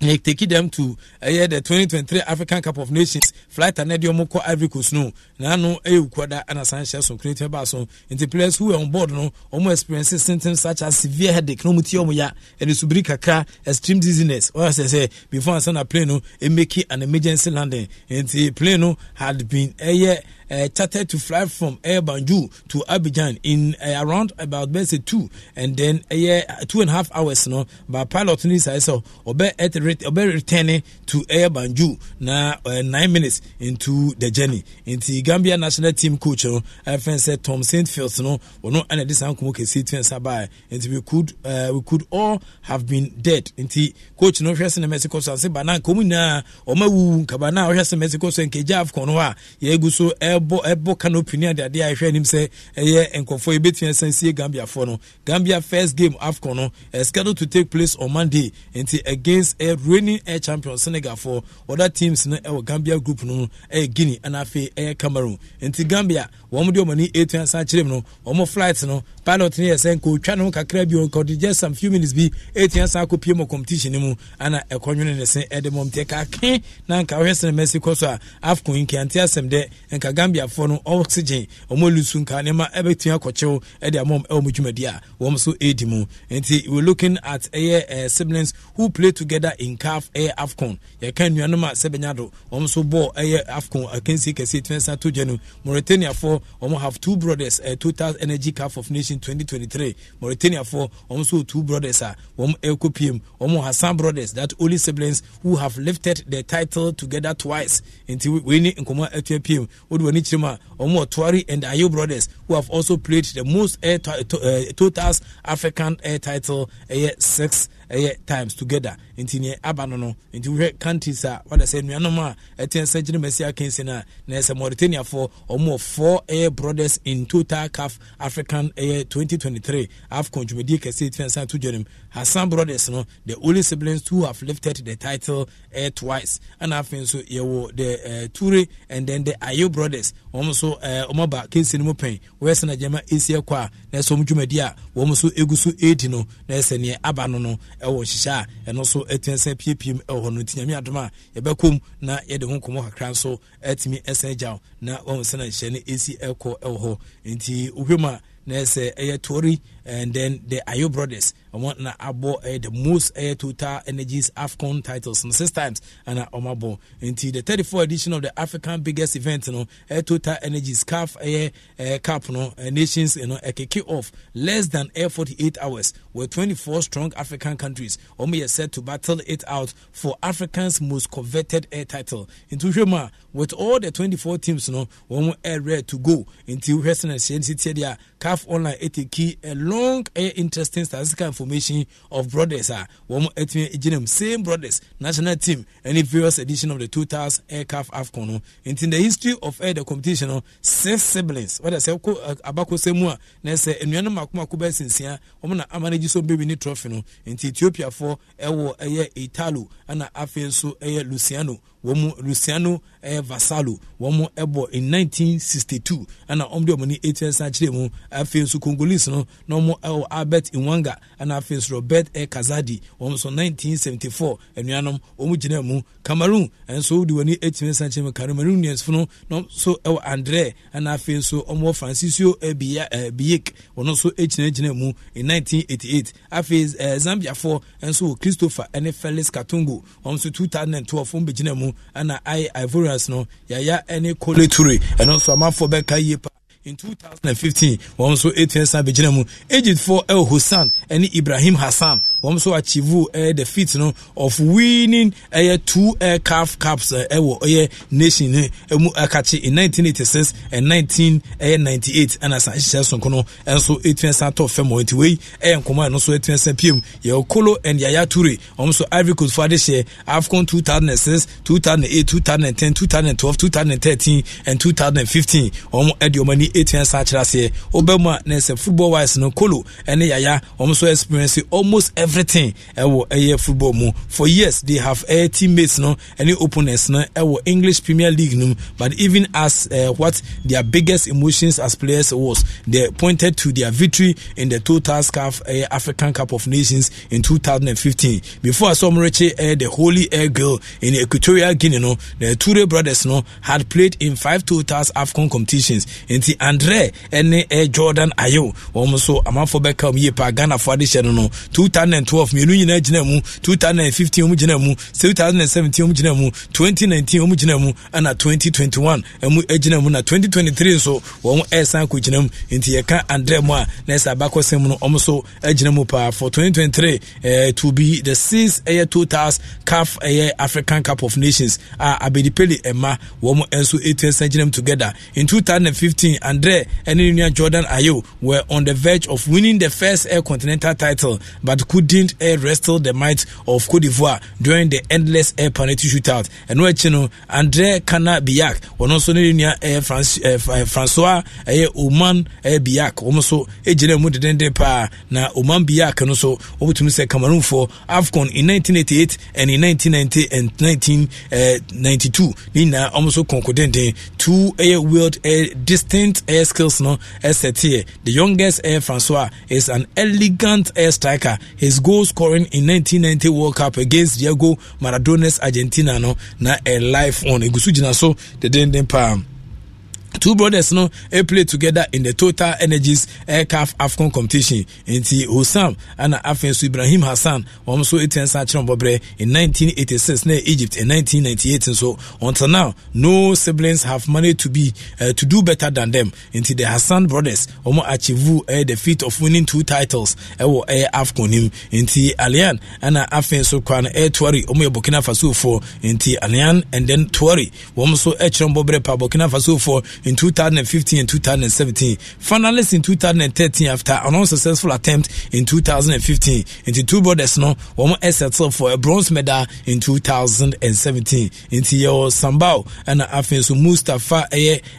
yɛ take them to ɛyɛ eh, the 2023 African Cup of Nations flight and ɛde ɔmo kɔ Ivory Coast no n'ano ɛyɛ eh, okuada ɛna san hyɛ so kurete ba so nti players who were on board no ɔmo experience symptoms such as severe headache na ɔmo ti ɔmo ya ɛne subiri kakra extreme dizziness ɔyɛ sɛ sɛ before ansa na plane no emeki an emergency landing nti plane no had been ɛyɛ. Eh, uh, chartered to fly from Air Banjul to Abidjan in uh, around about basically two and then uh, two and a half hours you no But pilot ni sa so obe at obe returning to Air Banjul na uh, nine minutes into the journey into Gambia national team coach you no FN said Tom St Fields no ono and this ankomo kesi twen sabai into we could uh, we could all have been dead into coach no hwese na Mexico so se bana But now coming now, wu nkaba na hwese Mexico so nke Jaf kono a ye gu so eh, ɛbɔ ɛbɔ canopy ne adeade a ɛhwɛ anim sɛ ɛyɛ nkɔfoɔ yi bɛtumi ɛsan sie gambiafoɔ no gambia first game afcon no is eh, scheduled to take place on monday nti against a eh, reigning air eh, champion Senegal senegalfoɔ other teams no ɛwɔ gambia group no ɛyɛ guinea ɛna afei ɛyɛ cameroon nti gambia wɔn de wɔn ani etu asan kyerɛ mu no wɔn flight no pilot ne yɛ sɛ nka ɔtwa ne ho kakra bi ɔde just some few minutes bi ɛtia san akɔpie mɔ competition no mu ana ɛkɔnwene ne se ɛde mɔ mteɛ kake na nka wohwɛ sene mɛsi kɔ so a afco nkeante asɛm dɛ nka gambiafoɔ no oxygen ɔmɔ lusu nka nneɛma ɛbɛtumi akɔkyew ɛde amɔ ɛwɔ mu dwumadi a wɔm so ɛdi mu nti we looking at ɛyɛ uh, siblings who play together in caf ɛyɛ afcon yɛka nnuanom a sɛ bɛnya do wɔm so bɔɔ ɛyɛ afcon akansi kɛseɛ tumi san to gya no mauritaniafoɔ wɔm have two brothers uh, total energy caf of nations in 2023 mauritania for also two brothers are one ekopim omo hassan brothers that only siblings who have lifted the title together twice until we ni nkoma atua pm wo de wani kyerɛ mu a and ayo brothers who have also played the most air t- t- uh, totals African air title uh, six uh, times together. in ne aba no no nti wohwɛ countries a wɔde sɛ nnuanom a ɛte sɛ gyina masi akensi no a na ɛsɛ four air brothers in total calf African air 2023 AFCON dwumadie kɛseɛ ɛtina san to dwanem Hassan brothers you know the only siblings who have lifted the title uh, twice and I think so you know, the uh, eh, Ture and then the Ayo brothers also uh, eh, Omaba Kinsin Mupin West Najama Asia Kwa Neso Mjumedia Womusu Egusu Edino Nesenia Abanono Ewo Shisha and also Etense PPM Ewono Tinyami ebe kum na Yede Honkomo Kakranso Etimi Esenja na Womusana Shene Esi Eko Ewo Inti Ubima Nese Eyetori and then the Ayo brothers. I want na abo eh, the most air eh, total energies AFCON titles and six times and abo Into the 34th edition of the African biggest event, you know, air eh, total energies calf air cup, you know, nations, you know, a kick off less than air 48 hours where 24 strong African countries. only said, set to battle it out for Africans' most coveted air title. Into Shema, with all the 24 teams, you know, one air rare to go. Into Western and CNC, CAF online, 80 key a long strong ɛyɛ interesting statistical information of brothers a wɔn atumi gyina mu same brothers national team ɛne various edition of the 2000 aircraft afcon no nti the history of ɛyɛ the competition no six siblings wɔde sɛ kɔ eh, abakɔsɛ mu a na sɛ nnua no mako mako bɛyɛ sinsia wɔn na amanagi so baby ne trophy no nti ethiopiafoɔ ɛwɔ ɛyɛ italo ɛna afei nso ɛyɛ luciano wɔn luciano ɛyɛ eh, vasalo wɔn ɛbɔ in 1962 ɛna wɔn de wɔn ni eighteen san kyerɛ mu afei nso congolese no na wɔn ɛwɔ eh, albert nwanga ɛna afei nso robert ɛ eh, kazadi wɔn nso 1974 ɛnuanom wɔn gyina mu cameroon ɛnso de wɔn ni eighteen san kyerɛ mu cameroonians funu na nso ɛwɔ andre ɛna afei nso wɔn wɔ francisco ɛbiya ɛbiyek wɔn nso gyinagyina mu in 1988 afei ɛɛ zambiafoɔ ɛnso wɔ christopher ɛne felix katongo wɔn nso 2012 wɔn bɛgyina mu ɛna ai ivorians no yaya ɛne kole ture ɛno nso amanfoɔ bɛka yie pa in 2015 wɔn nso ɛtua san bɛgyina mu egyptfoɔ El hosan ɛne ibrahim hassan wɔn nso achieve ɛyɛ eh, the feat no of winning ɛyɛ eh, two aircraft caps ɛwɔ ɛyɛ nation ne ɛmu ɛkakye in 1986 and 19 ɛyɛ 98 ɛna san hyehyɛ sonko no ɛnso etua san tɔ fɛm wɔn etiwei ɛyɛ nkɔmɔ ɛno nso etua san pm yɛwɔ kolo and yaya ture wɔn nso ivory coast fo adehyɛ afcon 2006 2008 2010 2012 2013 and 2015 wɔn ɛde wɔn ani etua san akyerɛ aseɛ ɔbɛn mu a na ɛsɛ football wise no kolo ɛne yaya wɔn nso experience almost every everything ɛwɔ ɛyɛ football mu for years they have ɛyɛ eh, teammates no ɛne opponents no ɛwɔ english premier league no but even as uh, what their biggest emotions as players was they pointed to their victory in the total scarf uh, eh, african cup of nations in 2015 before asomreche uh, the holy air girl in equatorial guinea no the ture brothers no had played in five total African competitions nti andre ɛne uh, jordan ayew wɔn nso amanfoɔ bɛka wɔn yie for ghanafoɔ adehyɛ no no thousand 2012 mmienu nyinaa gyina mu 2015 ɔmu gyina mu 2017 ɔmu gyina mu 2019 ɔmu gyina mu ɛna 2021 ɛmu gyina mu na 2023 nso wɔn ɛresan kɔ gyina mu nti yɛka andrɛ mu a na ɛsɛ abakɔsɛm mu no ɔmo nso gyina mu paa for 2023 eh, to be the six ɛyɛ eh, totals caf ɛyɛ african cup of nations a ah, abedipele ɛma wɔn nso etu ɛsan gyina mu together in 2015 andrɛ ɛne nua jordan ayew were on the verge of winning the first air continental title but could didn't uh, wrestle the might of Cote d'Ivoire during the endless air penalty shootout. Ɛno akyi no Andre Kana Biak wɔn nso ne nua eh, France, eh, Francois eh, Oman eh, Biak wɔn nso gyina eh, mu dedenden paa na Oman Biak no so wɔbɛtumi Cameroon for AFCON in 1988 and in 1990 and 1992 ne nyinaa wɔn nso kɔnkɔ two eh, world eh, distinct air skills no as eh, teɛ the youngest air Francois is an elegant air striker. His his goal scoring in 1990 world cup against diego Maradona's argentina no na ɛ live on ɛgu so gyina so dedenden paa two brothers no eh, play together in the total energies eh, caf afcon competition nti osam ana afei nso ibrahim hassan wɔn nso ɛtɛn nsa akyerɛ bɔbrɛ in 1986 na egypt in 1998 nso until now no siblings have managed to be uh, to do better than them nti the hassan brothers wɔn achieve eh, the feat of winning two titles ɛwɔ eh, eh, afcon nim nti alian ana afei nso kwan eh, tuari wɔn yɛ burkina faso foɔ nti alian and then tuari wɔn nso ɛkyerɛ bɔbrɛ pa burkina faso foɔ in 2015 and 2017, finalists in 2013 after an unsuccessful attempt in 2015. Into two brothers no one settled for a bronze medal in 2017. Into your Sambao and Afenso Mustafa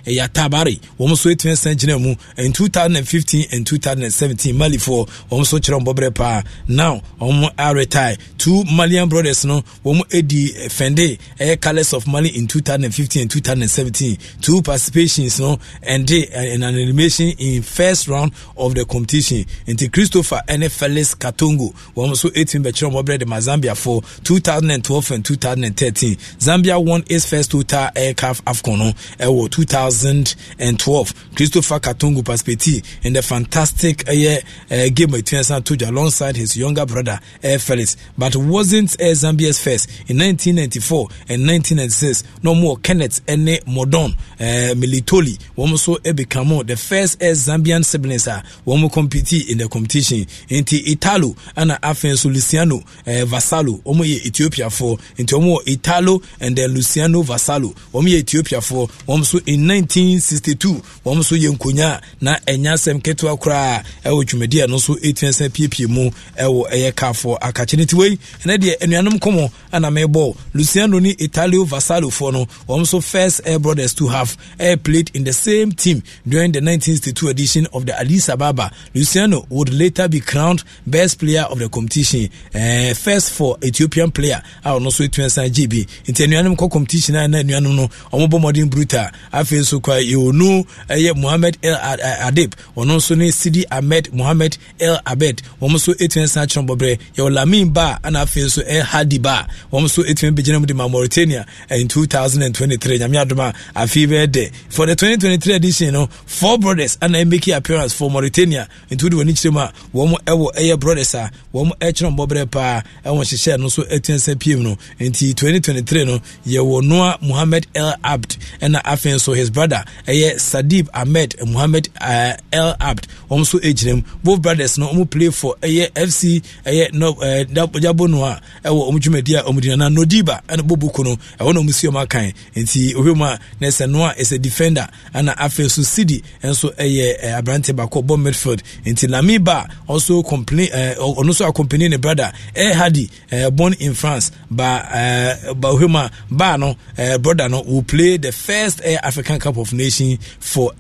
Yatabari, one so eight in 2015 and 2017. Mali for one so chron bobrepa. Now one are retired. Two Malian brothers no one Eddie Fende, a colors of Mali in 2015 and 2017. Two participation animations no and they uh, an animation in first round of the competition Into christopher ɛne felix Katungu, wɔn also etim bɛkyerɛ wɔn brɛ de ma zambia for 2012 and 2013 zambia won its first total aircraft afcon no 2012 christopher Katungu paspeti in the fantastic ɛyɛ uh, uh, game between santoja alongside his younger brother air felix but wasn't air uh, zambia's first in 1994 and 1996 no more kenneth N. modon uh, Litoli, wɔn so become the first ex Zambian siblings a ah, wɔn compete in the competition. Nti Italo ɛna afei nso Luciano eh, Vassallo, wɔn yɛ Ethiopiafoɔ. Nti wɔn wɔ Italo and then Luciano Vassallo, wɔn yɛ Ethiopiafoɔ. Wɔn so in 1962, wɔn so yɛ nkonya na ɛnya asɛm ketewa koraa ɛwɔ dwumadi a no nso ɛtua sɛ piepie mu ɛwɔ ɛyɛ kaafoɔ akakye no ti wei ɛnɛ deɛ anuanom kɔmmɔ ana mebɔ Luciano ne Italo Vassalo foɔ no wɔn nso first air brothers to have air played in the same team during the 1962 edition of the Addis Ababa. Luciano would later be crowned best player of the competition. Uh, first for Ethiopian player, a ɔno nso etu ɛsan GB. In Nti anuanom kɔ competition a na anuanom a wɔn bɔ mɔden bruta. Afei nso kɔ Yonu ɛyɛ eh, Mohammed El Adib. Ɔno so ne Sidi Ahmed Mohammed El Abed. Wɔn nso etu ɛsan akyerɛ bɔbrɛ. Yɛwɔ Lamin Ba ɛna afei nso El Hadi Ba. Wɔn nso etu ɛbɛgyina mu de ma Mauritania eh, in 2023. Nyame adoma afei bɛyɛ dɛ for the 2023 edition no four brothers ana make appearance for Mauritania nti wode w'ani kyerɛ mu a wɔn wɔ ɛyɛ brothers a wɔn kyerɛ mbɔberɛ paa ɛwɔ hyehyɛ no so atiasa uh, pm no nti 2023 no yɛwɔ noa Muhammad uh, El Abd ɛna uh, afei nso his brother ɛyɛ Sadib Ahmed Muhammad uh, El Abd wɔn nso gyina mu both brothers no wɔn play for ɛyɛ FC ɛyɛ no ɛɛ jabo no a ɛwɔ wɔn dwumadi a wɔn di Nodiba ɛna bobuku no ɛwɔ na wɔn si wɔn akan nti ohwɛ mu a na noa ɛsɛ defence. defender ana afei so sidi nso ɛyɛ abrante aberante baako bɔ midfield nti also company eh, ɔno nso accompany ne brother air hardy eh, born in france ba eh, ba ohema ba no brother no will play the first african cup of nation for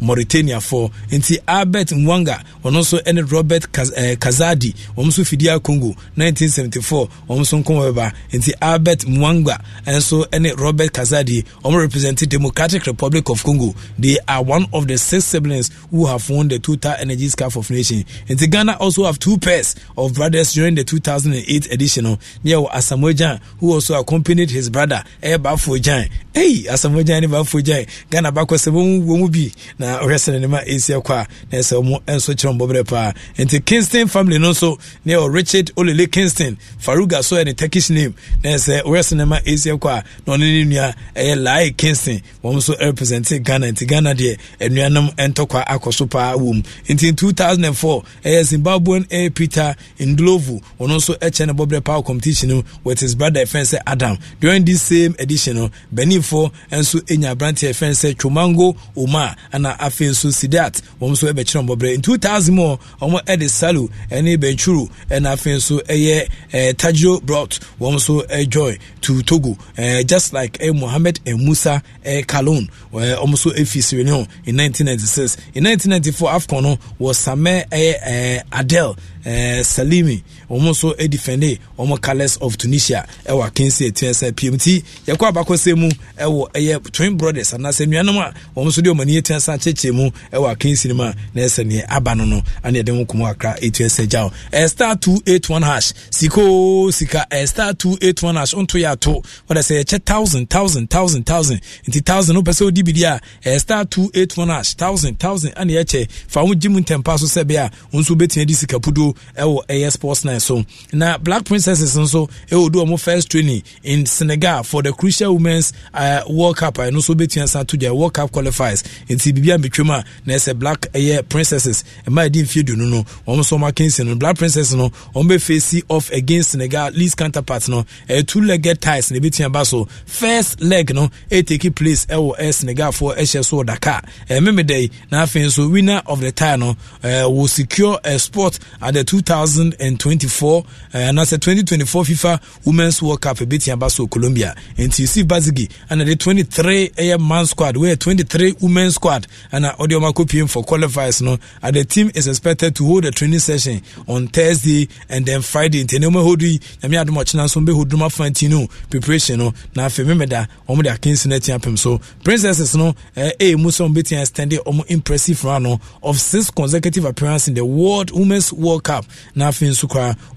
mauritania for nti albert nwanga ɔno nso ɛne robert kazadi wɔn nso fidia congo 1974 wɔn nso nkɔmɔ bɛba nti albert nwanga nso ɛne robert kazadi wɔn represent democratic republic. Republic of Congo. They are one of the six siblings who have won the Total Energy Cup of Nation. And the Ghana also have two pairs of brothers during the 2008 edition. There were Asamoah who also accompanied his brother, Ebafo Jan, ei asamogya ne bafo gyae ghana bakɔ sɛ wɔmu wɔ mu bi na ɔhwɛ sɛ ne ma ɛsia kɔ a na ɛsɛ ɔmo nso kyerɛ mbɔberɛ paa nti kingston family no nso ne ɛwɔ richard olele kingston faruga so ɛne turkish name na ɛsɛ ɔhwɛ sɛ ne ma ɛsia kɔ a na ɔne ne nua ɛyɛ lai kingston wɔn nso e represente ghana nti ghana deɛ anuanom e ntɔkwa akɔ so paa wɔ mu nti in 2004 ɛyɛ zimbabwean ɛyɛ peter ndlovu ɔno nso ɛkyɛ e ne bɔberɛ paa competition no with his brother fɛn sɛ adam during this same edition no benin agyinfoɔ nso nya aberanteɛ fɛn sɛ twomango oma ana afei nso sidat wɔn nso bɛkyerɛ mbɔbrɛ in 2000 mu wɔn de salo ne benchuru na afei nso yɛ eh, tajiro brot wɔn nso joy to togo eh, just like eh, mohammed eh, musa eh, kalon eh, wɔn eh, nso fi sierra leone in 1996 in 1994 afcon no wɔ samɛ eh, eh, adel eh, salimi wɔn nso e defende wɔn colours of tunisia ɛwɔ e akensi etu ɛsɛ pm ti yɛkɔ abakɔsɛ mu ɛwɔ e ɛyɛ twin brothers anaasɛ nuanom a wɔn nso deɛ wɔn ani etu ɛsɛ akyekyere mu ɛwɔ akensi no mu a na ɛsɛ neɛ aba no no ɛna yɛde ho kɔmɔ akra etu ɛsɛ gya o ɛstar two eight one hash siko sika ɛstar two eight one hash nto yɛ ato wɔde sɛ yɛkyɛ thousand thousand thousand thousand nti thousand no pɛ sɛ odi bi di a ɛstar two eight one hash thousand thousand ɛna yɛkyɛ fa ho gyi mu ntɛmpa so sɛ bea nso bɛtumi di sika pudo ɛwɔ ɛyɛ sports nine so na black princesses nso ɛwɔ do ɔmo first training in senegal for the crucial women's uh, world cup ɛno nso bɛtua san to their world cup qualifiers nti biribi a metwam a na ɛsɛ black ɛyɛ princesses ɛmaa ɛdi mfie dunu no wɔn nso ɔmo akansi no black Princesses no wɔn bɛ face off against senegal least counterpart no ɛyɛ two legged ties na ɛbɛtua ba so first leg no take place ɛwɔ ɛ senegal foɔ ɛhyɛ so wɔ dakar ɛmɛmɛ dɛ na So winner of the tie no ɛɛ will secure a spot at the two thousand and twenty four anaasɛ twenty eh, twenty 2024 fifa women's world cup ebetia ba so colombia nti yusuf basigi ɛna de twenty three ɛyɛ man squad wɔyɛ twenty three women squad ɛna ɔde ɔmo akɔ pm for qualifiers no and the team is expected to hold a training session on thursday and then friday nti ɛnna ɔmo ahodo yi nyame adum ɔkyena nso mbɛ hodum afan ti no preparation no na afei mmemmeda ɔmo de akensi na ɛtia pɛm so princesses no ɛɛ eh, ɛyɛ mu sɛ ɔmo betia extend ɔmo impressive run no of six consecutive appearances in the world women's world cup na afei nso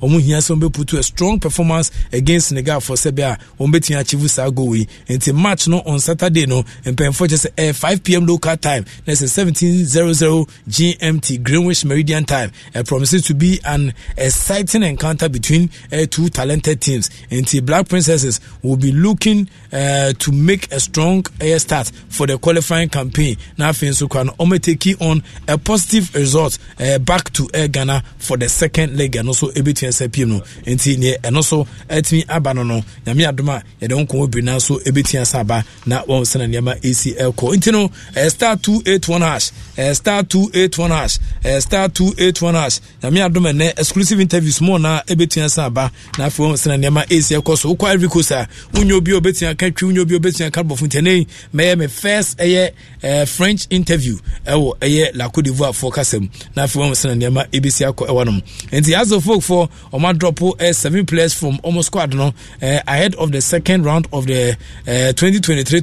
ɔmo hia sɛ ɔmbɛput to a strong performance against Nigeria for sɛbi a ɔmbɛtumi achieve saa goal yi nti match no on saturday no mpanyinfoɔ kyɛ sɛ ɛyɛ five pm local time na ɛsɛ seventeen zero zero gmt greenwich meridian time it promises to be an exciting encounter between uh, two talented teams nti black princesses will be looking uh, to make a strong uh, start for the qualifying campaign na afei nso kora no ɔmo take on a positive result uh, back to uh, ghana for the second leg ɛno so ɛbɛtua nsa piem no nti neɛ ɛno so atumi aba no no nyame adom a yɛde wo nkɔmmɔ biri nanso ɛbɛtua sa aba na wɔn nneɛma ɛsi ɛkɔ nti no ɛyɛ star 281 hash ɛyɛ star 281 star 281 hash nyame adom ɛnɛ exclusive interviews mu na ɛbɛtua sa aba na afei wɔn nneɛma ɛsi ɛkɔ so wokɔ ivory coast a wonyɛ obi a obɛtua ka twi wonyɛ obi a obɛtua ka bɔfo ntɛnɛn mɛyɛ me first ɛyɛ ɛɛ french interview ɛwɔ ɛyɛ la cote d'ivoire fɔ kasɛm na afei wɔn nneɛma ɛbɛsi akɔ ɛwɔ nom nti azɔfoɔ therefore ɔmo adrɔpo uh, eh, seven players from ɔmo squad no uh, ahead of the second round of the 2023-2024 eh, three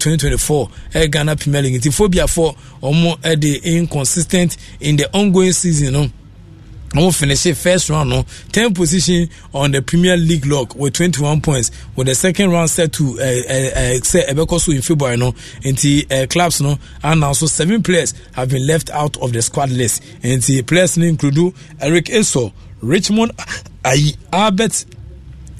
twenty ghana premier league nti phobia for ɔmo the inconsistent in the ongoing season no. wọ́n finish first round no ten position on the premier league log with 21 points with the second round set to sẹ ẹbẹkọ so in february no nti uh, clubs no and also seven players have been left out of the squad list And the players ni include eric esau richmond ayi uh, albert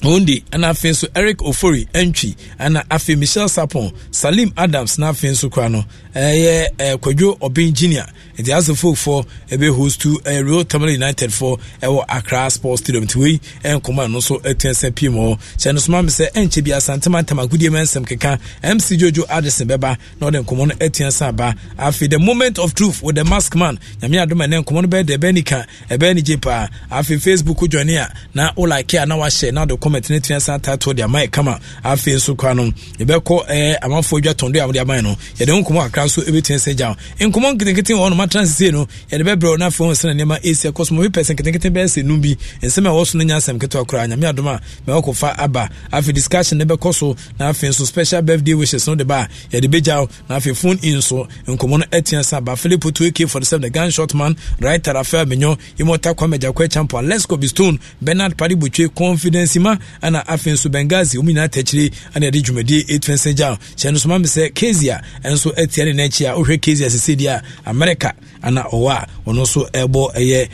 onde ɛna afei nso eric ofori ɛntwi ɛna afei michelle sapon salim adams na afei nso kora no ɛyɛ ɛɛ kwadwo ɔbɛn junior nti asɛfofoɔ ɛbɛ host to ɛɛ real tamale united foɔ ɛwɔ accra sports stadium ti wei ɛnkɔmɔ ɛno nso ɛtun ɛsɛ pii mu kyɛn no soma mi sɛ ɛnkyɛ bi asantama ntama agudie mɛ nsɛm keka mc jojo addison bɛba na ɔde nkɔmɔ no ɛtun ɛsɛ aba afei the moment of truth with the mask man nyame adoma ne nkɔmɔ no bɛyɛ de ɛbɛn nika ɛbɛn ni gye paa afei facebook johnny a na o like a na wahyɛ na de comment ne tun ɛsɛ ataato de ama yɛ kama afei nso kwa no ɛbɛkɔ ɛɛ amanfoɔ adwa tɔndo a wɔde ama yɛ no yɛde nkɔmɔ kakra kakra nso ɛbɛtumi sɛ gya nkɔmmɔ nketenkete wɔ noma transisee no yɛde bɛbrɛ no afei ho sena nneɛma ɛsi ɛkɔ so ma wopɛ sɛ nketenkete bɛyɛ sɛ num bi nsɛm a ɛwɔ so no nya asɛm ketewa koraa nyame adom a mɛwɔ aba afei discussion no bɛkɔ so na afei nso special birthday wishes no de ba a yɛde bɛgya na afei phone in so nkɔmmɔ no atia sa ba philip otu ak 47 the gun shot man right rafael menyo yɛmɔta kwame gyakɔ champo lesco bistone bernard padi botwe confidence ma ana afei nso benghazi wɔm nyinaa takyire ana yɛde dwumadie ɛtumi sɛ gya kyɛ no so ma me sɛ kasia ɛnso atia no akyi a wohwɛ kase asɛsɛ di a america ana ɔwɔ a ɔno nso ɛbɔ ɛyɛ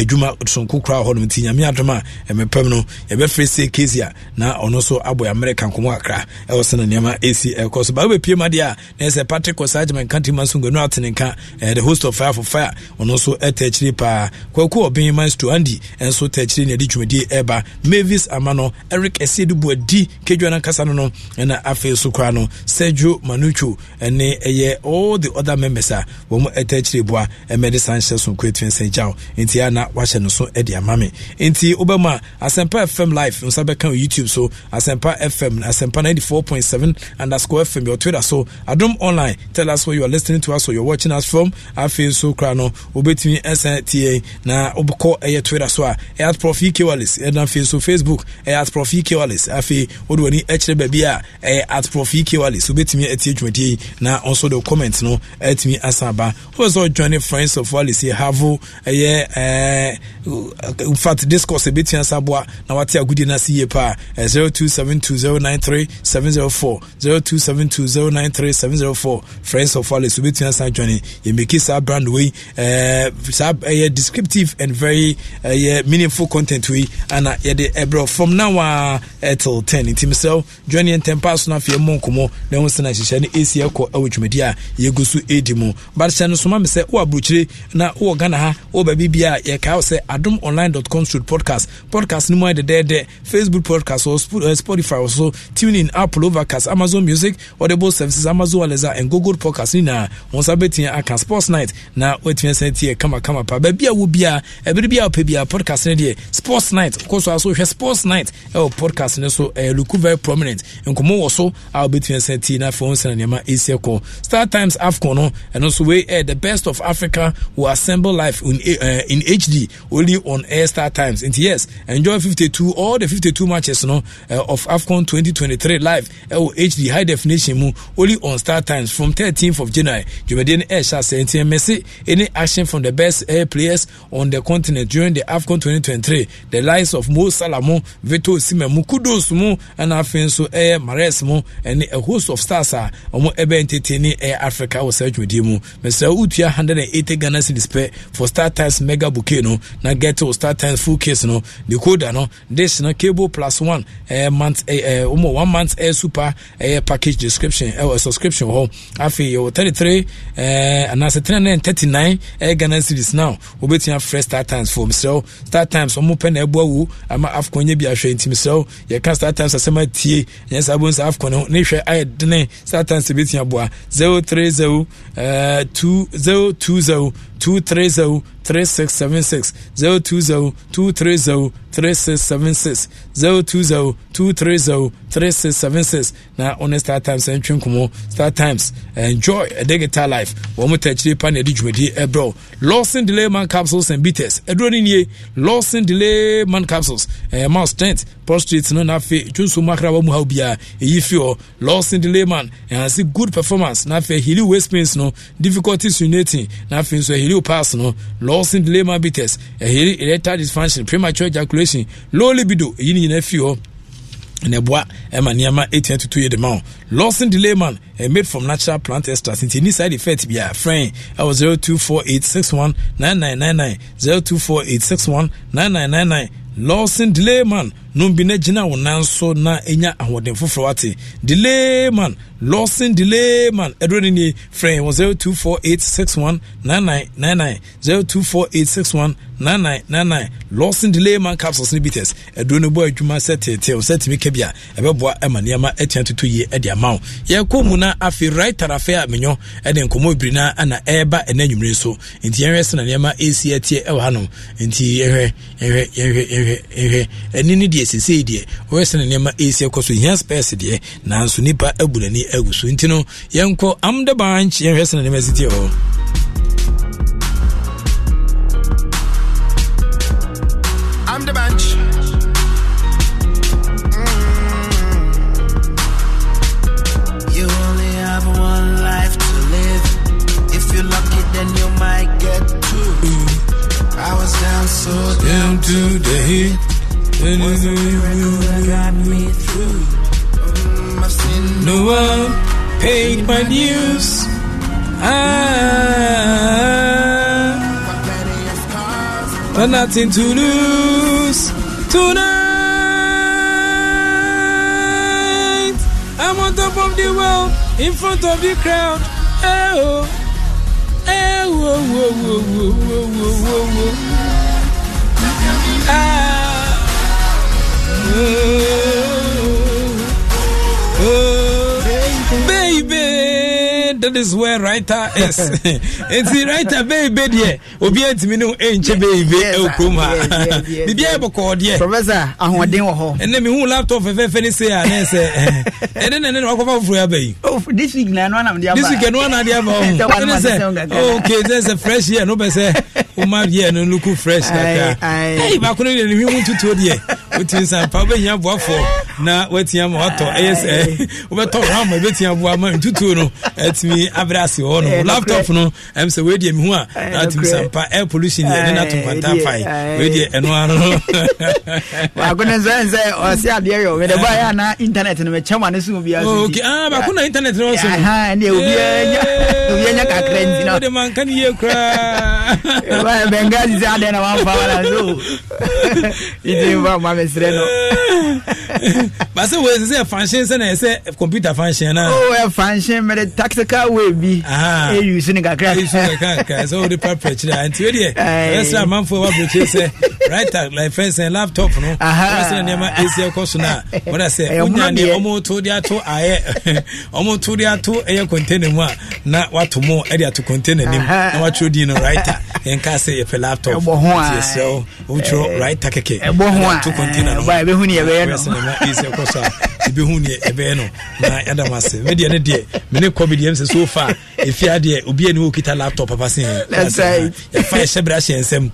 adwuma e, sonko kora hɔ nom nti nyame adom a ɛmepɛm e, no yɛbɛfrɛ se kesi na ɔno nso abɔ yɛamerika nkɔmmɔ akra ɛwɔ e, sɛ no nneɛma ɛsi ɛkɔ so bawo bɛpie ma deɛ a na ɛsɛ patrick ɔsagyema nkanti ma nso nganu atene nka the host of fire for fire ɔno nso ɛtɛ akyiri paa kwaku ɔben mansto andi ɛnso tɛ akyiri ne ɛde dwumadie ɛba mavis ama no eric ɛsie de buadi kedwa na ankasa no no ɛna afei so koraa no sergio manucho ɛne ɛyɛ all the other members a wɔn ɛtɛ akyiri boa a ɛmɛde san hyɛ sonko atumi nsa gya wo nti ana wahyɛ no so de ama me nti wobɛmu a asɛmpa fm live nsa bɛka wo youtube so asɛmpa fm asɛmpa 94.7 underscore fm your twitter so adom online tell us where you are listening to us or you're watching us from afei nso kora no wobɛtumi ɛsan tie na wobɛkɔ ɛyɛ twitter so a ɛyɛ e atprof uk wallis ɛna e afei nso facebook ɛyɛ e atprof uk wallis afei wode w'ani kyerɛ baabi a ɛyɛ atprof uk wallis wobɛtumi atie dwumadie yi na ɔnso de comment no atumi asan aba wobɛ sɛ ɔdwan ne friends of all, walisi havo ɛyɛ eh, ɛɛ eh, infact discourse ebetia nsa aboa na wate agudie na ase yie paa eh, zero two seven two zero nine three seven zero four zero two seven two zero nine three seven zero four friends of all, walisi obetia nsa adwane yɛmeki saa brand wei ɛɛ saa ɛyɛ descriptive and very ɛyɛ meaningful content wei ana yɛde ɛbrɛ from now on ɛtil ten nti misɛw dwane yɛn ntɛmpa so na afei ɛmɔ nkɔmɔ na ɛho sɛ na nhyehyɛ no esi ɛkɔ ɛwɔ dwumadi a yɛgu so edi mu barisɛ no soma mi sɛ wɔ wɔ aburokyire na wowɔ ghana ha wɔ baabi bia a yɛkae wo sɛ adom online com street podcast podcast no mu ayɛ dɛdɛɛdɛ facebook podcast wɔ eh, spotify wɔ so tuning apple overcast amazon music audible services amazon alexa and google podcast nyinaa wɔn nsa bɛtumi aka sports night na woatumi asan tiɛ kamakama pa baabi a wo bia ɛbere bi a wopɛ bia podcast no deɛ sports night kɔ so a so sports night ɛwɔ podcast no so ɛyɛ loku very prominent nkɔmmɔ wɔ so a wobɛtumi asan tie na afei wo nsana nneɛma ɛsi kɔ star times afcon no ɛno nso wei ɛyɛ the best of Africa will assemble life in, uh, in HD only on Airstar Times. And yes, enjoy 52, all the 52 matches no, uh, eh, of AFCON 2023 live uh, eh, oh, HD high definition mu only on Star Times from 13th of January. Jumedin Aisha sent Messi any action from the best air players on the continent during the AFCON 2023. The likes of Mo Salamo, Vito Simemu, Kudos Mu, and Afenso Air Mares Mu, and a host of stars are um, ebe entertaining Air Africa was search with you. Mr. Utia 100 Eighty Ghana cedis pɛ for StarTimes mega bouquet no na get wo StarTimes full case no decoder no This no cable plus one ɛyɛ eh, month ɛyɛ eh, wɔn eh, one month ɛyɛ super ɛyɛ package description ɛwɔ subscription wɔ hɔ afei yɛwɔ three ɛɛ anaasɛ 39 ɛyɛ Ghana cedis now wobɛtumi afrɛ StarTimes for mesrɛw StarTimes wɔn pɛ na ɛbu awo ama AFCON nyɛ bi ahwɛ nti mesrɛw yɛka StarTimes asɛm atie nyɛ saa bonsa AFCON no ne hwɛ ayɛ dene StarTimes Zero three zero ɛɛ zero two Tuzo 230 3676 020 230 3676 020 230 3676 na ɔne star times ɛntwe nkɔmmɔ star times enjoy a digital life wɔn mo tɛkyire pa na ɛde dwumadi ɛbrɛw lawson delay man capsules and bitters ɛduro eh, ne nie eh? lawson delay man capsules ɛyɛ eh, mouth strength prostate no na afei twonso mu akra wɔ mu haw biara ah? ɛyi fi hɔ oh. lawson delay man ɛhansi good performance na afei hilly waist pains no difficulties urinating na afei nso hilly new pass no lawson lema bitters ɛheri erectile dysfunction premature ejaculation low libido èyí ni nyinaa fi hɔ ɛnɛboa ɛma nneɛma ɛtia tutu yɛ de o lawson delay man made from natural plant extracts nti ni side effect bi a frɛn ɛwɔ zero two four eight six one nine nine nine nine zero two four eight six one nine nine nine nine lawson delay man nom bi na gyina wo nan so na ɛnya ahoɔden foforɔ ate delay man lawson delay man ɛdoro ne nie frɛ wɔ 0248619999 0248619999 lawson delay man capsules ne bites ɛdoro no bɔ adwuma sɛ teetee wo sɛ tumi ka bi a ɛbɛboa ma nneɛma atua toto yie ɛde ama wo yɛkɔ mu na afei writer afei a menyɔ ɛde nkɔmmɔ biri na ana ɛreba ɛna anwummere so nti yɛhwɛ sɛ na nneɛma ɛsi atiɛ ɛwɔ hanom nti yɛhwɛ yɛhwɛ yɛhwɛ yɛhwɛ yɛhwɛ ɛni ne deɛ deɛ sesei deɛ nneɛma ɛsi kɔ so hia deɛ nanso nnipa abu n'ani agu so nti no yɛnkɔ amda nneɛma hɔ I'm the You only have one life to live. If you're lucky, then you might get two. I was down so damn to the was a miracle that got me through. Mm, no one paid my dues. Ah, but nothing to lose tonight. I'm on top of the world, in front of the crowd. Oh, oh, oh, oh, oh, oh, oh, oh, oh. Ah good. that is where writer is nti [LAUGHS] writer beebe deɛ obi ntumi no eh, nkyɛ beebe eh, ɛwɔ kurom ha bibi ayɛ bɔkɔɔ deɛ professor ahoɔden wɔ hɔ ɛnna mi hu laptop fɛfɛɛfɛ ne se eh, a [LAUGHS] ne sɛ ɛne na ne na wakɔfa foforɔ aba yi oh, this week na ɛnua na aba this week ɛnua na de aba ɔmo ne sɛ okay ne sɛ fresh yɛ no bɛ sɛ ɔmo adiɛ no look fresh kakra ɛyi baako ne ne ne hu tutuo deɛ o ti nsa pa o bɛ yin aboafo na watia ma watɔ ɛyɛ sɛ wobɛtɔ no atumi abrɛ ase hɔ no eh, laptop no ɛm sɛ weideɛ mehu a eh, na atumi sampa air pollution yɛ eh, [LAUGHS] ne nato kwanta fae weideɛ ɛno ano no baakone sɛ sɛ ɔse adeɛ yɛ mede baɛ ana internet no mekyɛ ma ne so obia oh, ah, baako na internet no so [LAUGHS] nya kakra nti no wode manka ne yie koraa [LAUGHS] bɛnga si sɛ adɛn na wamfa wala so nti mfa ma mesrɛ no pàṣẹ wo sẹ fanṣin sẹ na ẹ sẹ kọmputa fanṣin náà. o ẹ fanṣin mẹrẹ tactical way bi. e yu sini kakra. e yu sini kakra sọ wo de pa pẹ kyerẹ àti o deɛ ẹ sẹ amanfo wa bẹ kyerẹ sẹ writer like fẹn sẹ uh, laptop no wọn sẹ nìyẹn ẹ sẹ ẹkọ so náà wọn dà sẹ ọmọ ni ọmọ tó de ato ayẹ ọmọ tó de ato ẹyẹ kọntẹnẹ mu a na wato mu ẹde ato kọntẹnẹ nim na watwerɛ din no writer yɛn ka sɛ yɛpɛ laptop. ɛbɔ ho a tiɛ sɛ o wotwerɛ writer kɛkɛ ɛbɔ ho a ɛbɔ a ɛbɛhu ni yɛ bɛyɛ no ɛbɛhu neɛ ɛbɛyɛ no na ɛda m ase me deɛ ne deɛ me ne kɔ medeɛm sɛ so far ɛfia deɛ obiani wɔkita laptop papa se yɛfa ɛhyɛ berɛ ahyɛ nsɛm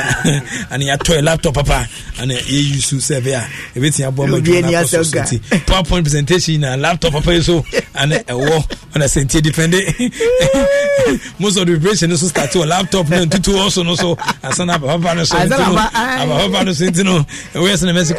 [LAUGHS] ana yɛatɔɛ laptop papa ana yɛyi so sɛ ɛbɛyɛ a ɛbɛtumi aboa ma dwumanakɔsosonti powerpoint presentation na laptop papa yi so ana ɛwɔ ɔna sɛ ntie depende [LAUGHS] most of the preparation no so start wɔ laptop no ntutu wɔ so no so asana apapapa no so nti no apapapa no so nti no ɛwɔyɛ sɛ na mɛsi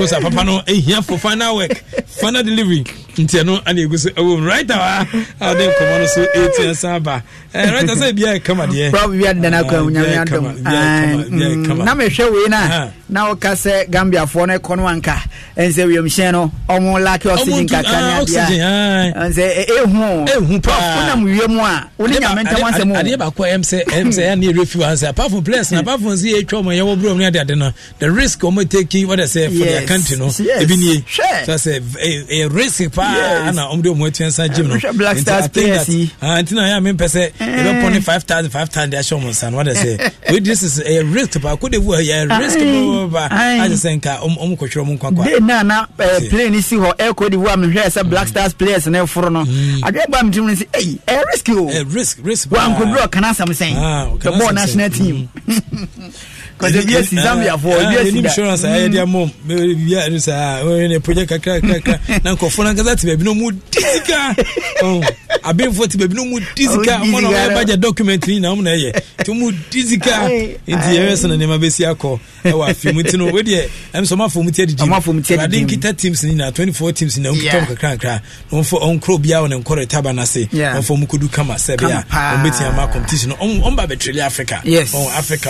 for final work final delivery nti ɛno ana egu so ɛwɔ mu right awa a ɔde nkɔmɔ no so eti ɛsan aba ɛɛ eh, right asa ebi ayɛ kama deɛ. prof bi adida na ah, kwan nyame adum ah, mm, na mehwɛ wei na ah. na ɔka sɛ gambiafoɔ no ɛkɔ no anka ɛnsɛ wiemhyɛn no ɔmo laki oxygen kakra ne adeɛ ɛnsɛ e- e- ehu ehu paa ɔnam wiem a wɔne nyame ntam asɛm o. adeɛ baako ɛm sɛ ɛm sɛ ɛyɛ ne yɛrɛ fi wa ansɛ apart from players na apart from sɛ yɛ etwa ɔmo yɛwɔ buro ɔmo ne adeade no the risk ɔmo taking wɔde sɛ for their country no ebi nie so sɛ ɛyɛ racing paa na ɔmo de ɔmo atua nsa gym no nti i think that ah, nti na yà mi mpɛ sɛ ebi eh. pɔn ne five thousand five thousand de ahyɛ ɔmo nsa no wada sɛ wey this is ɛyɛ risk paa kó de wu ɛyɛ risk paa ayi sɛ nka ɔmo kɔtwerɛ ɔmo nkwa kwa. de na na ɛɛ eh, plane ni si hɔ ɛɛ kó de wu a mi hwɛ sɛ black mm. stars players ne foro no adé bá mi ti mu ni si ɛyi ɛyɛ risk o ɛyɛ eh, risk risk paa wa nkodoro kana asam sɛn ah, the ball national team. Mm. [LAUGHS] kɔsɛ bi esi zambiafoɔ bi esi da insurance a yɛde amɔ bi a no saa ne pɔnyɛ kakra kakra na nkɔfoɔ no ankasa te baabi no mu di sika abenfoɔ oh, te baabi no mu di sika ɔmo na ɔyɛ bagya document ni na ɔmo na ɛyɛ te mu di sika nti yɛrɛ sɛ na nneɛma bɛsi akɔ ɛwɔ afi mu ti no o deɛ ɛm sɛ ɔmo afɔ mu ti adidi e mu ade nkita teams ni na twenty four teams na nkita um, mu kakra nkra ɔmfɔ um, ɔnkoro um, bia wɔn nkɔrɔ taba n'ase ɔmfɔ mu kodu kama sɛbi a ɔmo bɛ ti ama competition ɔmo ba bɛ Africa ɔmo Africa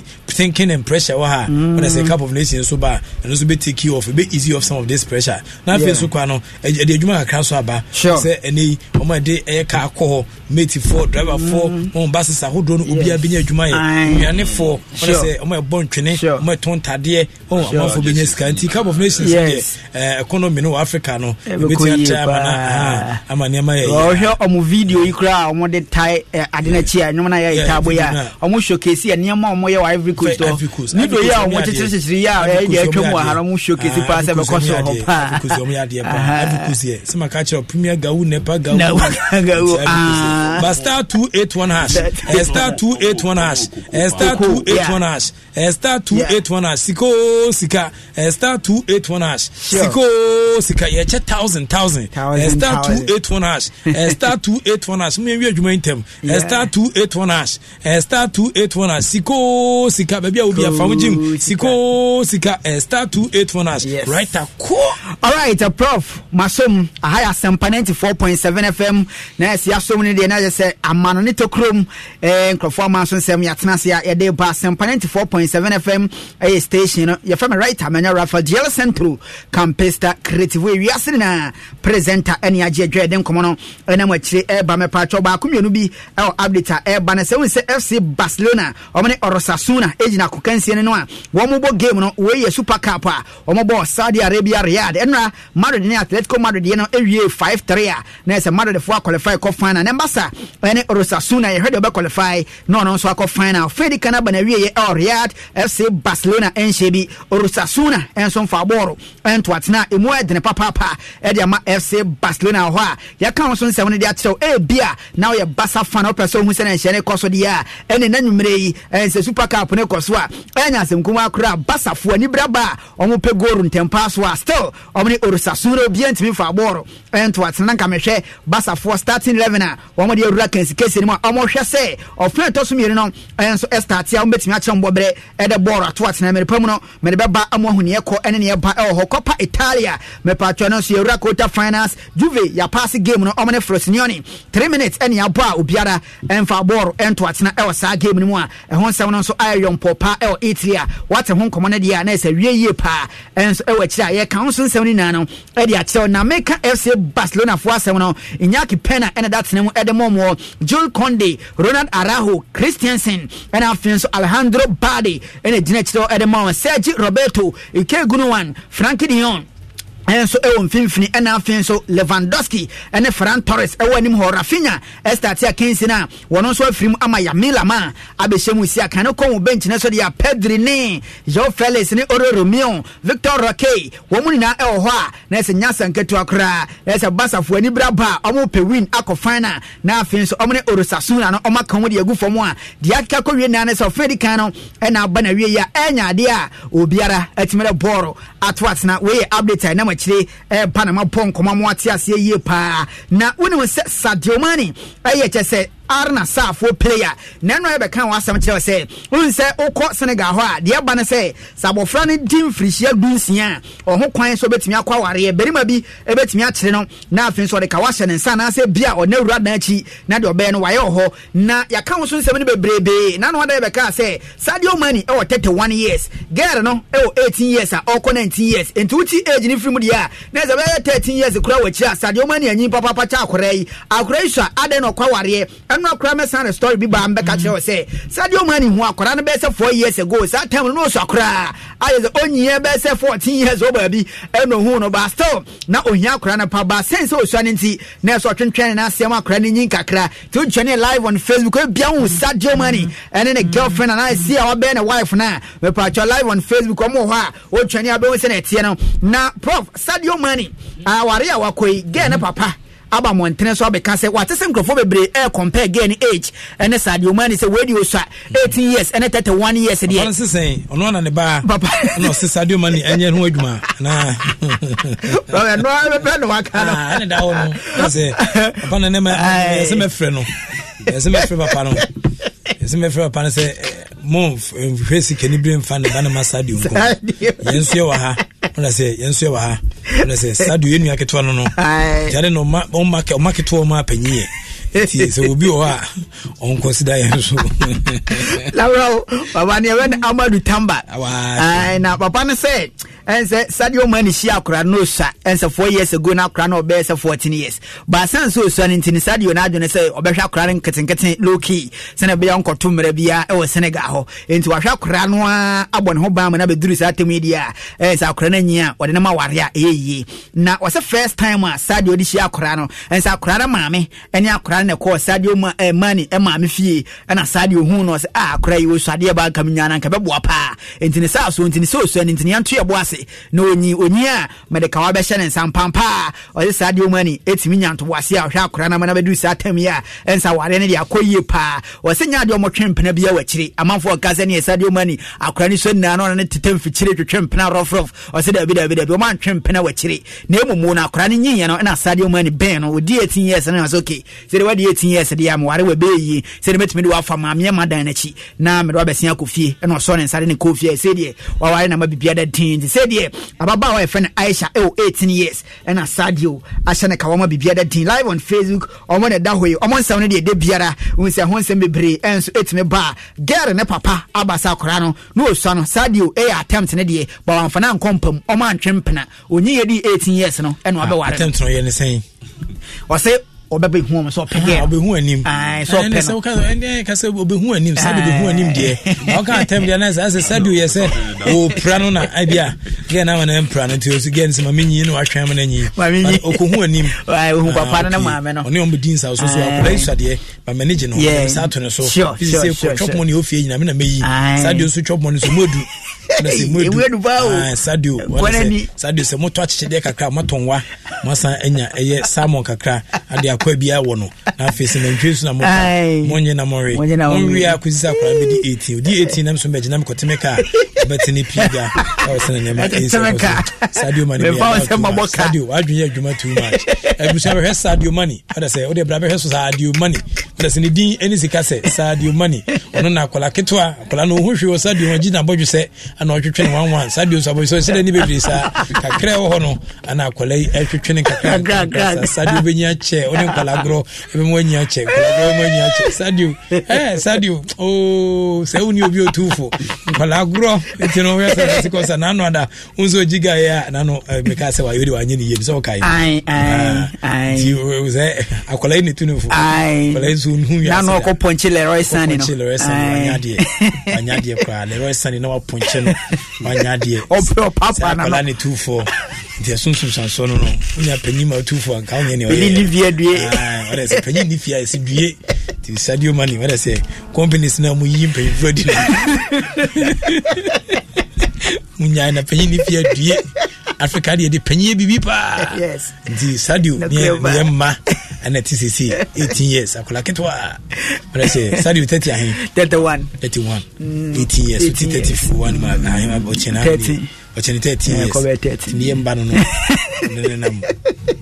thinking and pressure wɔ ha wɔn sɛ mm. cup of nation nso ba ɛno nso bɛ take you off bɛ easy off some of this pressure n'afɛ nso kwa no ɛde eh, adwuma eh, eh, kakra so aba sɛ ɛnɛ yi wɔn a de ɛyɛ kaa kɔ hɔ mate foɔ driver foɔ wɔn mm. ba sisan ahodoɔ no obiara bi nye adwuma yɛ nnuane foɔ wɔn sɛ wɔn ɛbɔ ntwene wɔn ɛtɔn ntadeɛ wɔn amanfo bi nye sika nti cup of nations deɛ ɛɛ eh, economy no wɔ africa no ebi ti ata ama na ah, ama nneɛma yɛ yɛ. ɔhwɛ ɔmo video yi kura a de tae ɛ eh, ade n'akyi a nneɛma na yɛ yɛ taabo yɛ a ɔmo showcase yɛ nneɛma ɔmo yɛ wɔ ivory coast hɔ nido yi a ɔmo kyekyere kyekyere yi a ɛyɛ atwa mu ɔhara ɔmo showcase paa sɛ bɛkɔ so hɔ paa ivory coast yɛ ɔmo yɛ adeɛ paa ivory coast yɛ sɛ ma ka kyerɛ premier gawu nepa gawu gawu aa ba star two eight one hash ẹ star two eight one hash ẹ star two eight one hash ẹ star two eight one hash Siko sika ẹ star two eight one hash Siko sika yẹ kyẹ thousand thousand ẹ star two eight one hash ẹ star two eight one hash mmiri adwuma yi ntẹm ẹ star two eight one hash ẹ star two eight one hash Siko sika bẹẹbi a obi afamu jim Siko sika ẹ star two eight one hash raita koo. all right uh, prof masom ahaya sempa ninety four point seven fm na ẹ si asom ni deɛ afei na yɛ sɛ amano ne tokurom eh, nkurɔfoɔ ama so nsɛm yɛatena ase a yɛde ba asɛmpa 94.7 fm ɛyɛ station no yɛfɛ me right amanya rafa gl centro campesta creative ewiase ne na presenter ɛne agye adwa yɛde nkɔmmɔ no ɛnam akyire ɛba mɛpaatwɔ baako mmienu bi ɛwɔ update a ɛba no sɛ wohu sɛ fc barcelona ɔmo ne ɔrosasuna ɛgyina kokansie no no a wɔmobɔ game no wei super cup a ɔmobɔɔ saudi arabia riad ɛnora madrid ne atletico madrid yɛ no ɛwie 5 3 a na ɛsɛ madridfoɔ aqualify kɔ final na ɛmba Asa ɛne Rosasuna yɛhwɛ deɛ ɔbɛqualify na ɔno nso akɔ final Fedi Kana bana wieɛ El Riyadh FC Barcelona ɛnhyɛ bi Rosasuna ɛnso mfa bɔɔlo ɛntoatena ɛmu ɛdene papaapa ɛde ama FC Barcelona hɔ a yɛka ho so nsɛm no de akyerɛw ɛbi a na woyɛ basa fa na wopɛ sɛ wohu sɛ ne nhyɛ kɔ so deɛ a ɛne na yi ɛnsɛ super cup ne kɔ so a ɛnya asɛmkum akora a basafoɔ anibra ba a ɔmo pɛ goru ntɛmpaa so a still ɔmo ne orosasuro obia ntumi fa bɔɔlo ɛntoatena na nka mehwɛ basafoɔ starting 11 a wɔn de awura kansikasi no mu a wɔn hwɛ sɛ ɔfin ɛtɔ so mmienu no ɛnso ɛstaate a wɔn bɛtumi akyerɛ wɔn bɔbrɛ ɛde bɔɔl ato atena mɛri pa mu no mɛri bɛba amu ahoni ɛkɔ ɛne ne ɛba ɛwɔ hɔ kɔpa italia mɛpatwa no nso yɛwura kota finance, juve yapaase game no wɔn ne frosinioni three minutes ɛne abɔ a obiara ɛnfa bɔɔl ɛnto atena ɛwɔ saa game no mu a ɛho nsɛm no nso ayɛ yɔmpɔ paa ɛwɔ italy a wate ho nkɔmɔ no deɛ a na ɛsɛ wie yie paa ɛnso ɛwɔ akyire a yɛka ho nsɛm no nyinaa no ɛde akyerɛw na meka fc barcelona foɔ asɛm no inyaki pena ɛne da mu ɛde mɔmɔ jules conde ronald araho christiansen ɛna afei alejandro bade ɛna gyina akyirɛ ɛde ma sergi roberto ike gunuwan frankie dion nso ɛwɔ mfimfini ɛna afei nso lewandowski ɛne fran torres ɛwɔ anim hɔ rafinha ɛstati a kensi no a wɔno nso afiri mu ama yamila ma abɛhyɛ mu si aka ne kɔ mu bench ne so deɛ pedri ne joe felix ne oro romeo victor roque wɔn mu nyinaa ɛwɔ hɔ a na ɛsɛ nyasa nketewa koraa na ɛsɛ basafo ani bra ba a ɔmo pɛ win akɔ final na afei nso ɔmo ne orosasuna no ɔmo aka wɔn de agu fam a deɛ akeka kɔ wie nan sɛ ɔfɛn di kan no ɛna aba na wie yi a ɛnya adeɛ a obiara ɛtumi dɛ bɔɔlo ato atena wei update a ɛnam akyire ɛɛba na ma bɔ nkɔmɔ mo yie paa na wone wo sɛ sadeɛ ɛyɛ kyɛ sɛ arna afọ player na ɛno yɛbɛka wɔ kyerɛ sɛ wohu sɛ wokɔ senegal hɔ a deɛ ba no sɛ sɛ no di mfirihyia du a ɔho kwan so wobɛtumi akɔ awareɛ barima bi bɛtumi akyere no na afei nso ɔde ka wahyɛ ne nsa anaasɛ na deɛ ɔbɛyɛ no wayɛ wɔ hɔ na yɛka wo so nsɛm no na wada sɛ mani na ɛsɛ bɛyɛ 13 years kora a mani anyi yi yi so ɛno akora mɛsan ne story bi baa mbɛka kyerɛ wɔ sɛ sadeɛ ɔmu ani ho akora no bɛsɛ four years ago saa time no na ɔsɔ akora ayɛ sɛ ɔnyiɛ bɛsɛ fourteen years wɔ baabi ɛna ohu no ba still na ohia akora no pa ba sɛn sɛ osua ne nti na ɛsɛ ɔtwentwɛn ne n'asɛm akora no nyin kakra tí o twɛ live on facebook ebia ho sadeɛ ɔmu ani ɛne ne girlfriend anaa esi a ɔbɛn ne wife na mɛpàtɔ live on facebook ɔmo wɔ hɔ a ɔtwɛn ne abɛn sɛ ne ɛteɛ no na prof sadeɛ ɔmu ani awari awakɔ yi gɛɛ ne papa aba mmɔntene so abɛka sɛ wate sɛ nkurɔfoɔ bebree ɛɛ compare gɛɛ ne age ɛne saa deɛ ɔmaa ne sɛ wɔadi osua 18 years ɛne 31 years deɛ ɔno sesɛn ɔno ana ne baa papa ɛna ɔse saa deɛ ɔma ne ɛnyɛ ho adwuma na ɛno ɛbɛpɛ ne waka no ah, ɛne da hɔ no sɛ papa no ne ma ɛsɛ mɛfrɛ no ɛsɛ mɛfrɛ papa no ɛsɛ mɛfrɛ papa no sɛ mohwɛ sikani bere mfa ne ba no ma sadio nko yɛnso yɛwɔ ha wona sɛ yɛnso yɛwɔ ha wona sɛ sadio yɛnua ketewa no no gyade na ɔma ketewa ɔma apanyiyɛ nti sɛ obi wɔ hɔ a ɔnkɔsida yɛn so lawerɛ papa neɛ wɛ ne amadu tamba na papa no sɛ ɛnsɛ sadio mani hyia akora no osua ɛnsɛ four years ago na akora no ɔbɛyɛ sɛ fourteen years baasa nso osua no nti ne sadio n'adwene sɛ ɔbɛhwɛ akora no nketenkete low key sɛnɛ bɛyɛ nkɔto mmerɛ biara ɛwɔ senegal hɔ nti wahwɛ akora no a abɔ ne ho ban mu na abɛduru saa atam yi deɛ a ɛnsɛ akora no anyi a wɔde ne ma ware a ɛyɛ yie na wɔsɛ first time a sadio de hyia akora no ɛnsɛ akora no maame ɛne akora no na ɛkɔɔ sadio ma ɛɛ mani ɛmaame fie ɛna sadio hu no ɔsɛ a ah, akora yi osua adeɛ ba nka mi nyana nka bɛboa paa nti ne saa so nti ne sɛ osua ne nti ne yanto yɛ bo ase ase na onyi onyi a mede kawa bɛhyɛ ne nsa mpampaa ɔde saa deɛ mu ani ɛtumi nya ntoboase a ɔhwɛ akora no ma no bɛduru saa tam yi a ɛnsa wareɛ no de akɔ yie paa ɔsɛ nya adeɛ ɔmɔtwe mpena bia wakyire amanfoɔ ɔka sɛ neɛ saa deɛ mu ani akora no so nyinaa no ɔno ne tetɛ mfikyire twetwe mpena rɔfrɔf ɔsɛ daabi daabi daabi ɔmantwe mpena wakyire na mmumu no akora no nyiiɛ no ɛna saa deɛ mu ani bɛn no ɔdi 18 years no sɛ okay sɛde wade 18 years deɛ a meware sɛde mɛtumi de wafa maameɛ ma dan no akyi na mede wabɛsea akɔ fie ɛna ɔsɔ ne nsa de ne kɔɔ fie ɛsɛ deɛ waware na ma bibia sɛ deɛ ababaawa yɛfrɛ no aisha ɛwɔ 18 years ɛna sadio ahyɛ no kawama biribia da din live on facebook ɔmo ne da hɔ yi ɔmo nsɛm no deɛ ɛde biara wohu sɛ ho nsɛm bebree ɛnso ɛtumi ba a ne papa aba akora no na ɔsua no sadio ɛyɛ attempt no deɛ bawamfa no ankɔ mpam ɔmo antwe mpena ɔnyi yɛ 18 years no ɛna wabɛware no ɔsɛ ɔbɛbɛ hu ɔmo sɛ ɔpɛ dɛ ɔbɛhu anim sɛ ɔpɛ no ɛnɛ kasɛ ɔbɛhu anim sɛ de bɛhu anim deɛ ɔka eh. atɛm deɛ na sɛ sɛ de yɛ sɛ ɔpra no na abia eh, gɛ na wɔn mpra no nti ɔsi gɛ nsɛm ame nyi no ahwɛn mu na nyi ɔkɔhu anim ɔhu papa no ne maame no ɔne ɔmo di nsa so so ah. akɔla yi sadeɛ bama ne gye no ɔmo sa ato ne so fisi sɛ kɔ twɔpɔ ne ofie nyina me na meyi saa deɛ nso twɔpɔ ne so mo edu Ah, sadio sɛ motɔ akyekyedeɛ kakra moatɔnwa moasan anya ɛyɛ salmon kakra ade akwa biaa na afei sɛ nantwie so na monyɛ na mɔre monwie a kɔsi sɛ akora bɛdi 18 odi 18 nam so mɛgyina mekɔteme ka a wobɛtene pii da sadio mane sadio wadwenyɛ adwuma too sadio mane wada sɛ wode bra bɛhwɛ sadio mane wada sɛ ne din ani sadio mane ɔno na akɔla ketewa akɔla sadio ma na bɔdwe sɛ ana ɔtwetwene wanwan saa deɛ nsabɔ sɛ sɛdɛ ne bebree saa kakra ɛwɔ hɔ no ana akwadaa yi ɛtwetwene kakra saa deɛ wobɛnya kyɛ wone nkwalaa gorɔ ɛbɛma wanya kyɛ nkwalaa gorɔ wama nya kyɛ saa deɛ ɛɛ saa deɛ oo sɛ wo ne obi otuufo nkwalaa gorɔ nti no woyɛ sɛ nase kɔ sa ada wo nso ogyi gaeɛ a nano mekaa sɛ wayɛ wode wanyɛ ne yie bi sɛ wokae ah. nti sɛ akwadaa yi ne tu no fo akwadaa yi nso nhu wiase nano ɔkɔ pɔnkye leroy sane no pɔnkye leroy sane wanya deɛ wanya koraa leroy sane na wapɔnkye no no wanya deɛ ɔpɛ ɔpapa na no ne tufoɔ nti ɛsonsom sansoɔ no no wonya panyin ma tufoɔ anka wonyɛ ne ɔyɛ ne fie due ɔdɛ sɛ panyin ne fie a ɛsi due nti sadio mani ɔdɛ sɛ companies na mu yiyi mpanyinfoɔ di no [LAUGHS] munya na panyin ne fie due africa deɛ de panyiɛ bibi paa [LAUGHS] nti sadio neyɛ mma ɛna ɛte sese 18 years akola ketewa mɛrɛ sɛ sadio 30 ahe 31 31 18 years ɔti 31 ma ahe ɔkyɛna ɔkyɛne 13 years neyɛ mba no no [LAUGHS] nenenam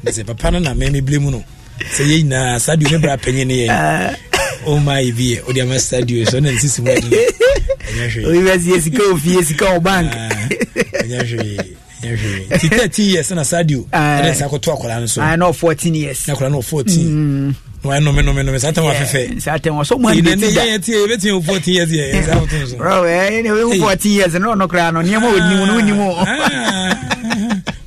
sɛ papa no na mɛmebrɛ mu no sɛ yɛ nyinaa sadio ne bra panyi ne yɛ ɔma yi bi yɛ ɔde ama sadio so ɔna ne sisi mu ɛdi no ɔyɛ hwee ɔyɛ sika ofie sika ɔbank ɔnyɛ ah, hwee nti thirteen years na saa di o eh. ɛna saa akwadaa no so ah, na fourteen years na akwadaa no fourteen mm. na wɔn anome nome nome saa tɛn wa eh, fɛfɛ saa tɛn wa so mo ɛna ne ti yɛ ti yɛ fourteen years yɛ saa fourteen so. rɔba ɛyɛ eh, ne ewu fourteen years n'o nɔ kura no nneɛma wo nimu no ah. nimu o. Ah.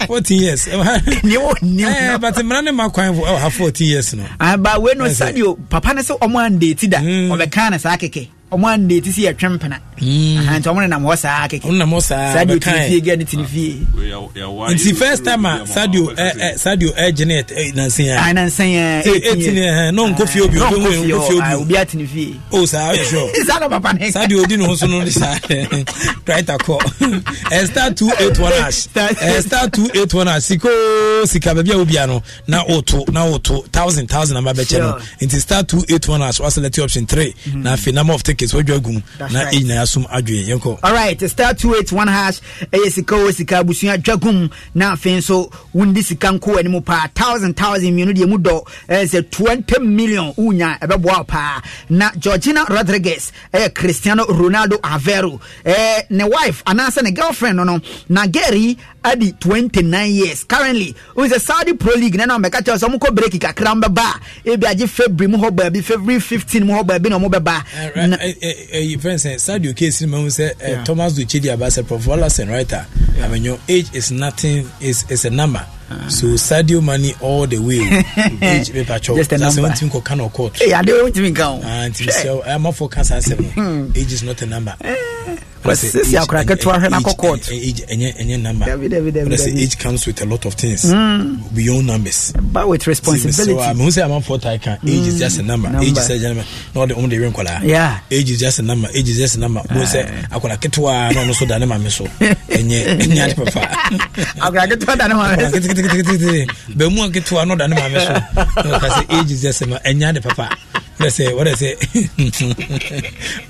fourteen years. [LAUGHS] nneɛma wo nimu no. ɛɛ bati mìíràn ne ma kwan ɛwɔ ha fourteen years no. aba wei no sadio papa ne sɛ ɔmo andeti da mm. ɔbɛka ne saa kɛkɛ ɔmo ande ti si yɛtwe mpena hmm. nti ɔmo nenam hɔ saa keke ɔmo nenam hɔ saa sadio tini ah. fie gɛ ne tini fie nti first time a sadio ɛ eh, eh, sadio ɛ eh, gyene ɛ nansan yɛ a ah, nansan yɛ eighteen yɛ n'o nko fie obi ah, obi obi nko fie obi obi a tini fie o oh, saa ɔyɛ sure [LAUGHS] saa na papa ne sadio odi ne ho so no de saa [LAUGHS] right akɔ ɛ star two eight one [LAUGHS] ash ɛ star two eight one ash siko sika baabi a obi a no na o to na o to thousand thousand na ma bɛ kyɛ no nti star two eight one ash wa select option three mhm. na afei number of take case wadwa agum na ɛyi nyinaa som adwene yɛnkɔ alright star 281 hash ɛyɛ sika wɔ sika abusua dwa gum na afei nso wondi sika nko w'ani mu paa thousand thousand mmienu deɛ mu dɔ ɛyɛ sɛ 20 million wonya ɛbɛboa wo paa na georgina rodriguez eh cristiano ronaldo avero eh ne wife anaasɛ ne girlfriend no no na gary adi 29 years currently wọn sɛ saudi pro league nana mɛka kyerɛ sɛ ɔmo kɔ break kakra mbɛ ba ebi agye february mu hɔ baabi february 15 mu hɔ baabi na ɔmo bɛ ba. ɛyi fɛn sɛ saudi oke si mu sɛ thomas duchedi abasɛ prof olasen right a amenyo age is nothing is is a number. Ah. so sadio mani all the way [LAUGHS] age eh, paper chop just a number sase kɔ kan court. ee ade o ntumi kan o. ntumi sɛ ɛyà máa fɔ kan sase mu age is not a number. Eh sisi akora ketewa hwɛ n'akɔ court. ɛnyɛ ɛnyɛ number dabi dabi dabi dabi age comes with a lot of things mm. beyond numbers. ba with responsibility. so ahun sɛ amanfo ta kan age is just a number age is just a number na ɔde ɔmo de ewe nkɔla age is just a number age is just a number mo sɛ akora ketewa na ɔno so da ne maame so ɛnyɛ ɛnyɛ adi papa. akora ketewa da ne maame so. akora ketewa bɛn mu a ketewa na ɔda ne maame so ɛnyɛ adi papa sɛ wɔdɛ sɛ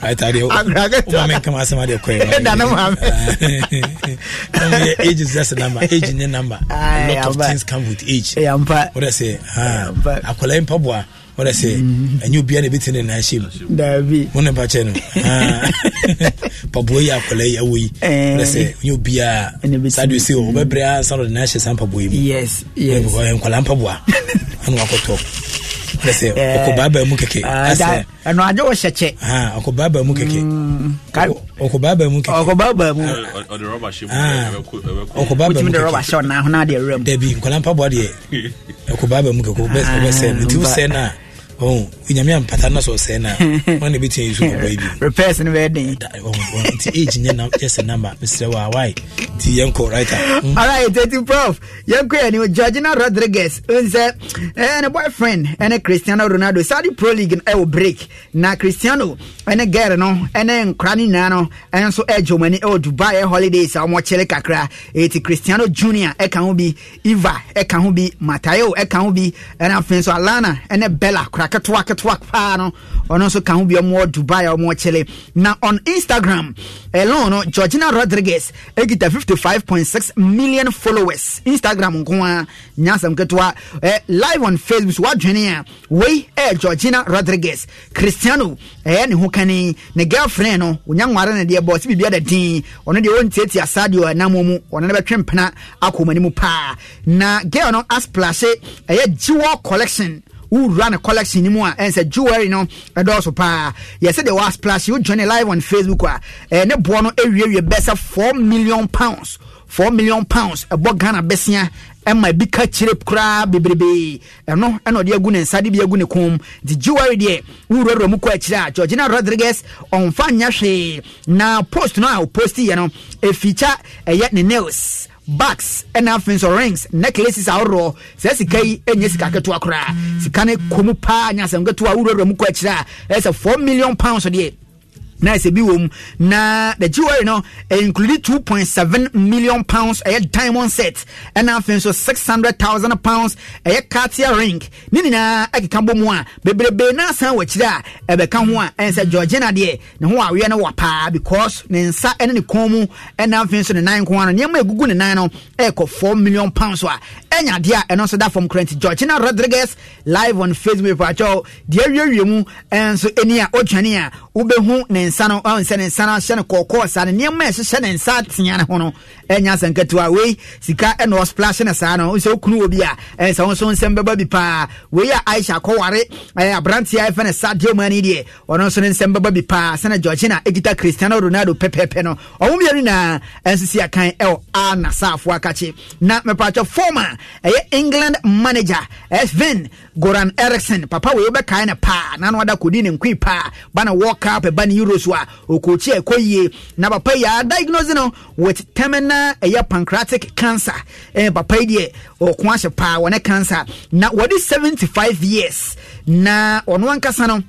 atadeɛ woma menkam asɛm adeɛ kɔɛ age is just a number age ne number a lot of things come with age wɔdɛ sɛ akwalaa mpaboa wɔdɛ sɛ ɛnyɛ obia na ɛbɛtumi ne na ahyɛ mu daabi wo ne mpakyɛ no paboa yi akwalaa yi awɔ yi wɔdɛ sɛ ɛnyɛ obia saa deɛ sɛ wɔbɛbrɛ a sa no de na ahyɛ saa mpaboa yi mu yes yes nkwalaa mpaboa ana wakɔtɔ sɛ ɔkɔbaaba mu kɛkɛ ɛno agye wo hyɛ kyɛ ɔkɔbaaba mu kɛkɛ mm, ɔkɔbaaba mu kɛkɛ ɔkɔbaaba mu ɔkɔbaaba mu kɛkɛ dabi nkɔla mpaboa deɛ ɔkɔbaaba mu kɛkɛ ɔbɛsɛ ah, nti wo sɛ no a ɔn nyame ampata na sɛ ɔsɛe no a ɔna bɛtumi yɛsu kɔbɔi bi repairs no bɛyɛ den nti age nyɛ just a number mesrɛ wɔ awai nti yɛnkɔ writer hmm? alright ɛti prof yɛnkɔ yɛni georgina rodriguez uh, nsɛ ɛne boyfriend ɛne cristiano ronaldo saudi pro league ɛwɔ break na cristiano ɛne gɛr no ɛne nkora no nyinaa no ɛno nso ɛgye ɔmani ɛwɔ dubai ɛ holidays a ɔmɔkyere kakra ɛti cristiano junior ɛka ho bi eva ɛka ho bi matayo ɛka ho bi ɛne afei nso alana ɛne bella kora ketewa ketewa paa no ɔno nso ka ho bi ɔmo dubai a ɔmo kyele na on instagram ɛlɔn no georgina rodriguez ekita fifty five point six million followers instagram nko ara nyansam ketewa ɛ live on facebook so wadwene a wei ɛyɛ georgina rodriguez cristiano ɛyɛ ne ho kani ne girlfriend no onya ne deɛ bɔ ɔsi biribi ada din ɔno deɛ wɔntietie asadeɛ ɔnam mu ɔno ne bɛtwe mpena akɔmɔ ne mu paa na girl no asplash ɛyɛ jiwɔ collection wowura ne collection no mu a ɛn sɛ jewelry no ɛdɔɔso paa yɛsɛ deɛ wɔa splash wojoine live on facebook a ɛɛ ne boɔ no awiewie bɛ sɛ 4 million pounds 4 million pounds ɛbɔ ghana bɛsia ɛma bi ka kyerɛ koraa bebrebe ɛno ɛna ɔde agu ne nsa de bi agu ne kɔn nti jewelry deɛ wurawura mu kɔ akyire a georgina rodriguez ɔnfa nyɛ hwee na post no a ɔposti yɛ no ɛfikya ɛyɛ ne nails bags ɛna afei nso rings necklaces ahoroɔ sɛ sika yi ɛnyɛ sika ketewa koraa sika ne kɔn mu paa nyasɛm ketewa awurawura mu kɔ akyire a ɛsɛ four million pounds deɛ na ɛsɛ bi wɔ mu na the jewelry no include 2.7 million pounds ɛyɛ diamond set ɛna afei nso 600,000 pounds ɛyɛ cartier ring ne nyinaa ɛkeka bɔ mu a bebrebe na asan wɔ akyire a ɛbɛka ho a ɛnsɛ georgina deɛ ne ho aweɛ no wa paa because ne nsa ɛne ne kɔn mu ɛna afei nso ne nan ko ano nneɛma egugu ne nan no ɛɛkɔ four million pounds a ɛnya adeɛ a ɛno nso da fam current georgina rodriguez live on facebook pàtɛw deɛ awiewie mu ɛnso ani a ɔtwani a wobɛhu ne ne nsa no ɔnsɛ ne nsa no ahyɛ no kɔɔkɔɔ saa no nneɛma a ɛhyehyɛ ne nsa atea no ho no ɛnya sɛ nketewa wei sika ɛna ɔsplash no saa no sɛ wokunu wɔ bi a ɛsɛ wo nso nsɛm bɛba bi paa wei a aisha kɔware aberanteɛ a ɛfɛ no sadeɛ mu ani deɛ ɔno nso ne nsɛm bɛba bi paa sɛna georgina ɛkita cristiano ronaldo pɛpɛpɛ no ɔmo mmienu nyinaa ɛnso si akan ɛwɔ na saafoɔ akakye na mepatwɛ former ɛyɛ england manager sven goran ericsson papa wei wobɛkae no paa nanu na wada kɔdi ne nkwi paa ba na world cup ɛba euro koro so a ɔkɔkyi ɛkɔ yie na papa yi a diagnose no with terminal ɛyɛ eh, pancreatic cancer eh, papa yi deɛ ɔko ahyɛ paa wɔne cancer na wɔde five years na ɔno ankasa no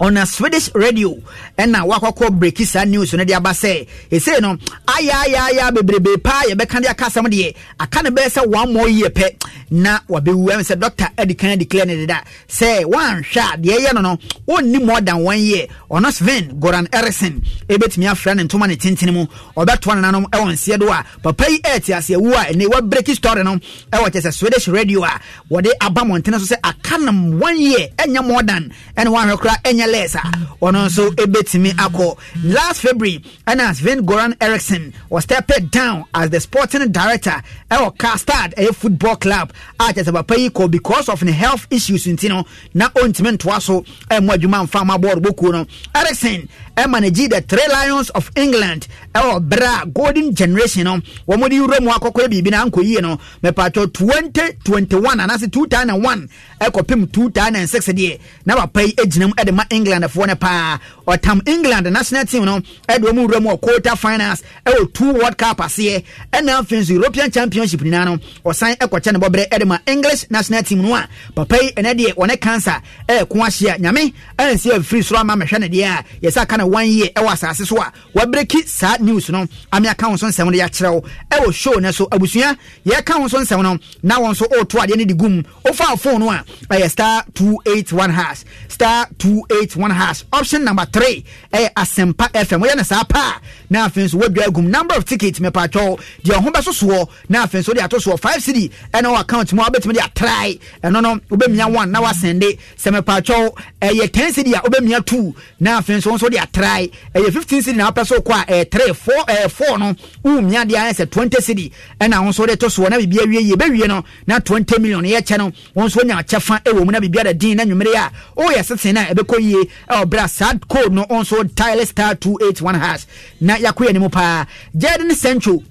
on a Swedish radio ɛna wakɔkɔ breki saa news no de aba sɛ ɛsei no ayaayaaya bebrebe paa yɛbɛka de aka asɛm deɛ aka ne bɛyɛ sɛ one more year pɛ na wabɛwu ɛm sɛ doctor adi eh, kan declare ne deda sɛ woanhwɛ a deɛ ɛyɛ no no ɔnni more than one year ɔno Sven Goran Eriksson ɛbɛtumi afra ne ntoma ne tentene mu ɔbɛtoa nenanom ɛwɔ nseɛ do a papa yi ɛte aseɛ wu a ɛne wabreki story no ɛwɔ kyɛ sɛ Swedish radio a wɔde aba mmɔntene so sɛ aka nam one year ɛnyɛ eh, more than ɛne woanhwɛ koraa ɛnyɛ MLS a ɔno nso bɛtumi akɔ last February ɛna Sven Goran Eriksson was stepped down as the sporting director ɛwɔ Kastad ɛyɛ football club a kyerɛ sɛ papa yi kɔ because of ne health issues nti no na ɔntumi ntoa so ɛmo adwuma mfa ma bɔɔdo bokuo no Eriksson ɛma ne gyi the Three Lions of England ɛwɔ berɛ a golden generation no wɔn de wura mu akɔkɔ biribi na ankɔ yie no mɛpatɔ twenty anaasɛ two and one ɛkɔpem two thousand and six deɛ na papa yi gyina mu de ma England. England englandfoɔ no paa ɔtam england national team no ɛde ɔmu wura mu wɔ quarter finals ɛwɔ two world cup aseɛ ɛna afei nso european championship nyinaa no ɔsan ɛkɔkyɛ ne bɔberɛ ɛde ma english national team no a papa yi ɛnɛ deɛ ɔne cancer ɛɛko ahyia nyame ɛnsi afiri soro ama mɛhwɛ ne deɛ a yɛsɛ aka no one year ɛwɔ asase so a wɔabreki saa news no ame aka ho so nsɛm no yɛakyerɛ wo ɛwɔ show no so abusua yɛka ho so nsɛm no na wɔn so ɔɔto adeɛ no de gum ɔfaa phone no a ɛyɛ star two eight one hash star two eight one hash option number three ɛyɛ eh, asɛmpa fm wɔyɛ no saa paa na afei nso wɔadwa agum number of ticket mepatwɔ deɛ ɔho bɛso soɔ na afei nso de ato soɔ five city ɛna wɔ account mu a wobɛtumi de atrae ɛno no wobɛmia one na wasɛnde sɛ mepatwɔ ɛyɛ ten cd. a wobɛmia two na afei nso nso de atrae ɛyɛ fifteen city na wapɛ so kɔ a ɛyɛ three four ɛyɛ four no wumia deɛ ayɛ sɛ twenty city ɛna wɔn nso de to soɔ na biribi awie yie bɛwie no na twenty million yɛkyɛ no wɔn nso nya kyɛfa ɛwɔ mu na biribi ada din na nwumere a ɔyɛ sese na ɛbɛkɔ yie afei oh, ɔbrɛ saa code no nso tile star 281 hash na yɛakɔ yɛ ne mu paa jaden sancho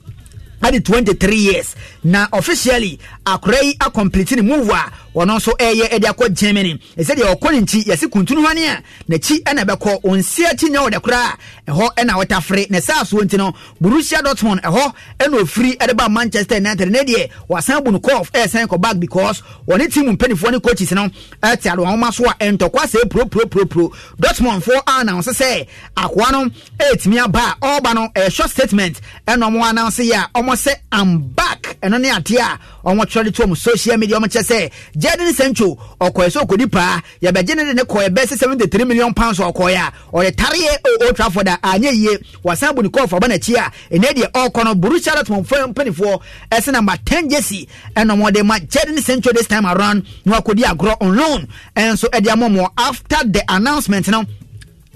ade 23 years na officially akora yi acomplete ne move a ɔno nso ɛyɛ eh, eh, de akɔ germany ɛsɛdeɛ eh, ɔkɔ ne nkyi yɛse kuntunu hɔne a n'akyi ɛna ɛbɛkɔ ɔnsia kyi nyɛ wɔde koraa ɛhɔ ɛna wɔtafere ne saa soɔ nti no borussia dortmund ɛhɔ ɛna ɔfiri de ba manchester united ne deɛ wasan bu no kɔf ɛɛsan kɔ back because wɔne team mpanifoɔ ne coaches no ɛte adowahoma so a ɛntɔkwa sɛ puropuropuropuro dortmundfoɔ ah, announce sɛ akoa no ɛtumi aba a ɔreba no ɛyɛ short statement ɛna ɔmo announce yɛ a ɔmo sɛ am back ɛno ne adeɛ a ɔmo twerɛ to ɔmo social media ɔmo kyɛ sɛ Jadon Sancho ɔkɔɛ sɛ ɔkɔdi paa yɛbɛgye ne de ne kɔɛ bɛsɛ seventy three million pounds ɔkɔɛ a ɔyɛ tareɛ o Old Trafford a anyɛ yie wasan bu ne kɔɔfo ɔba n'akyi a ɛnɛ deɛ ɔkɔ no Borussia Dortmund fɛn mpanyinfoɔ ɛsɛ number ten jersey ɛna ɔmo de ma Jadon Sancho this time around na wakɔdi agorɔ on loan ɛnso ɛde ama ɔmo after the announcement no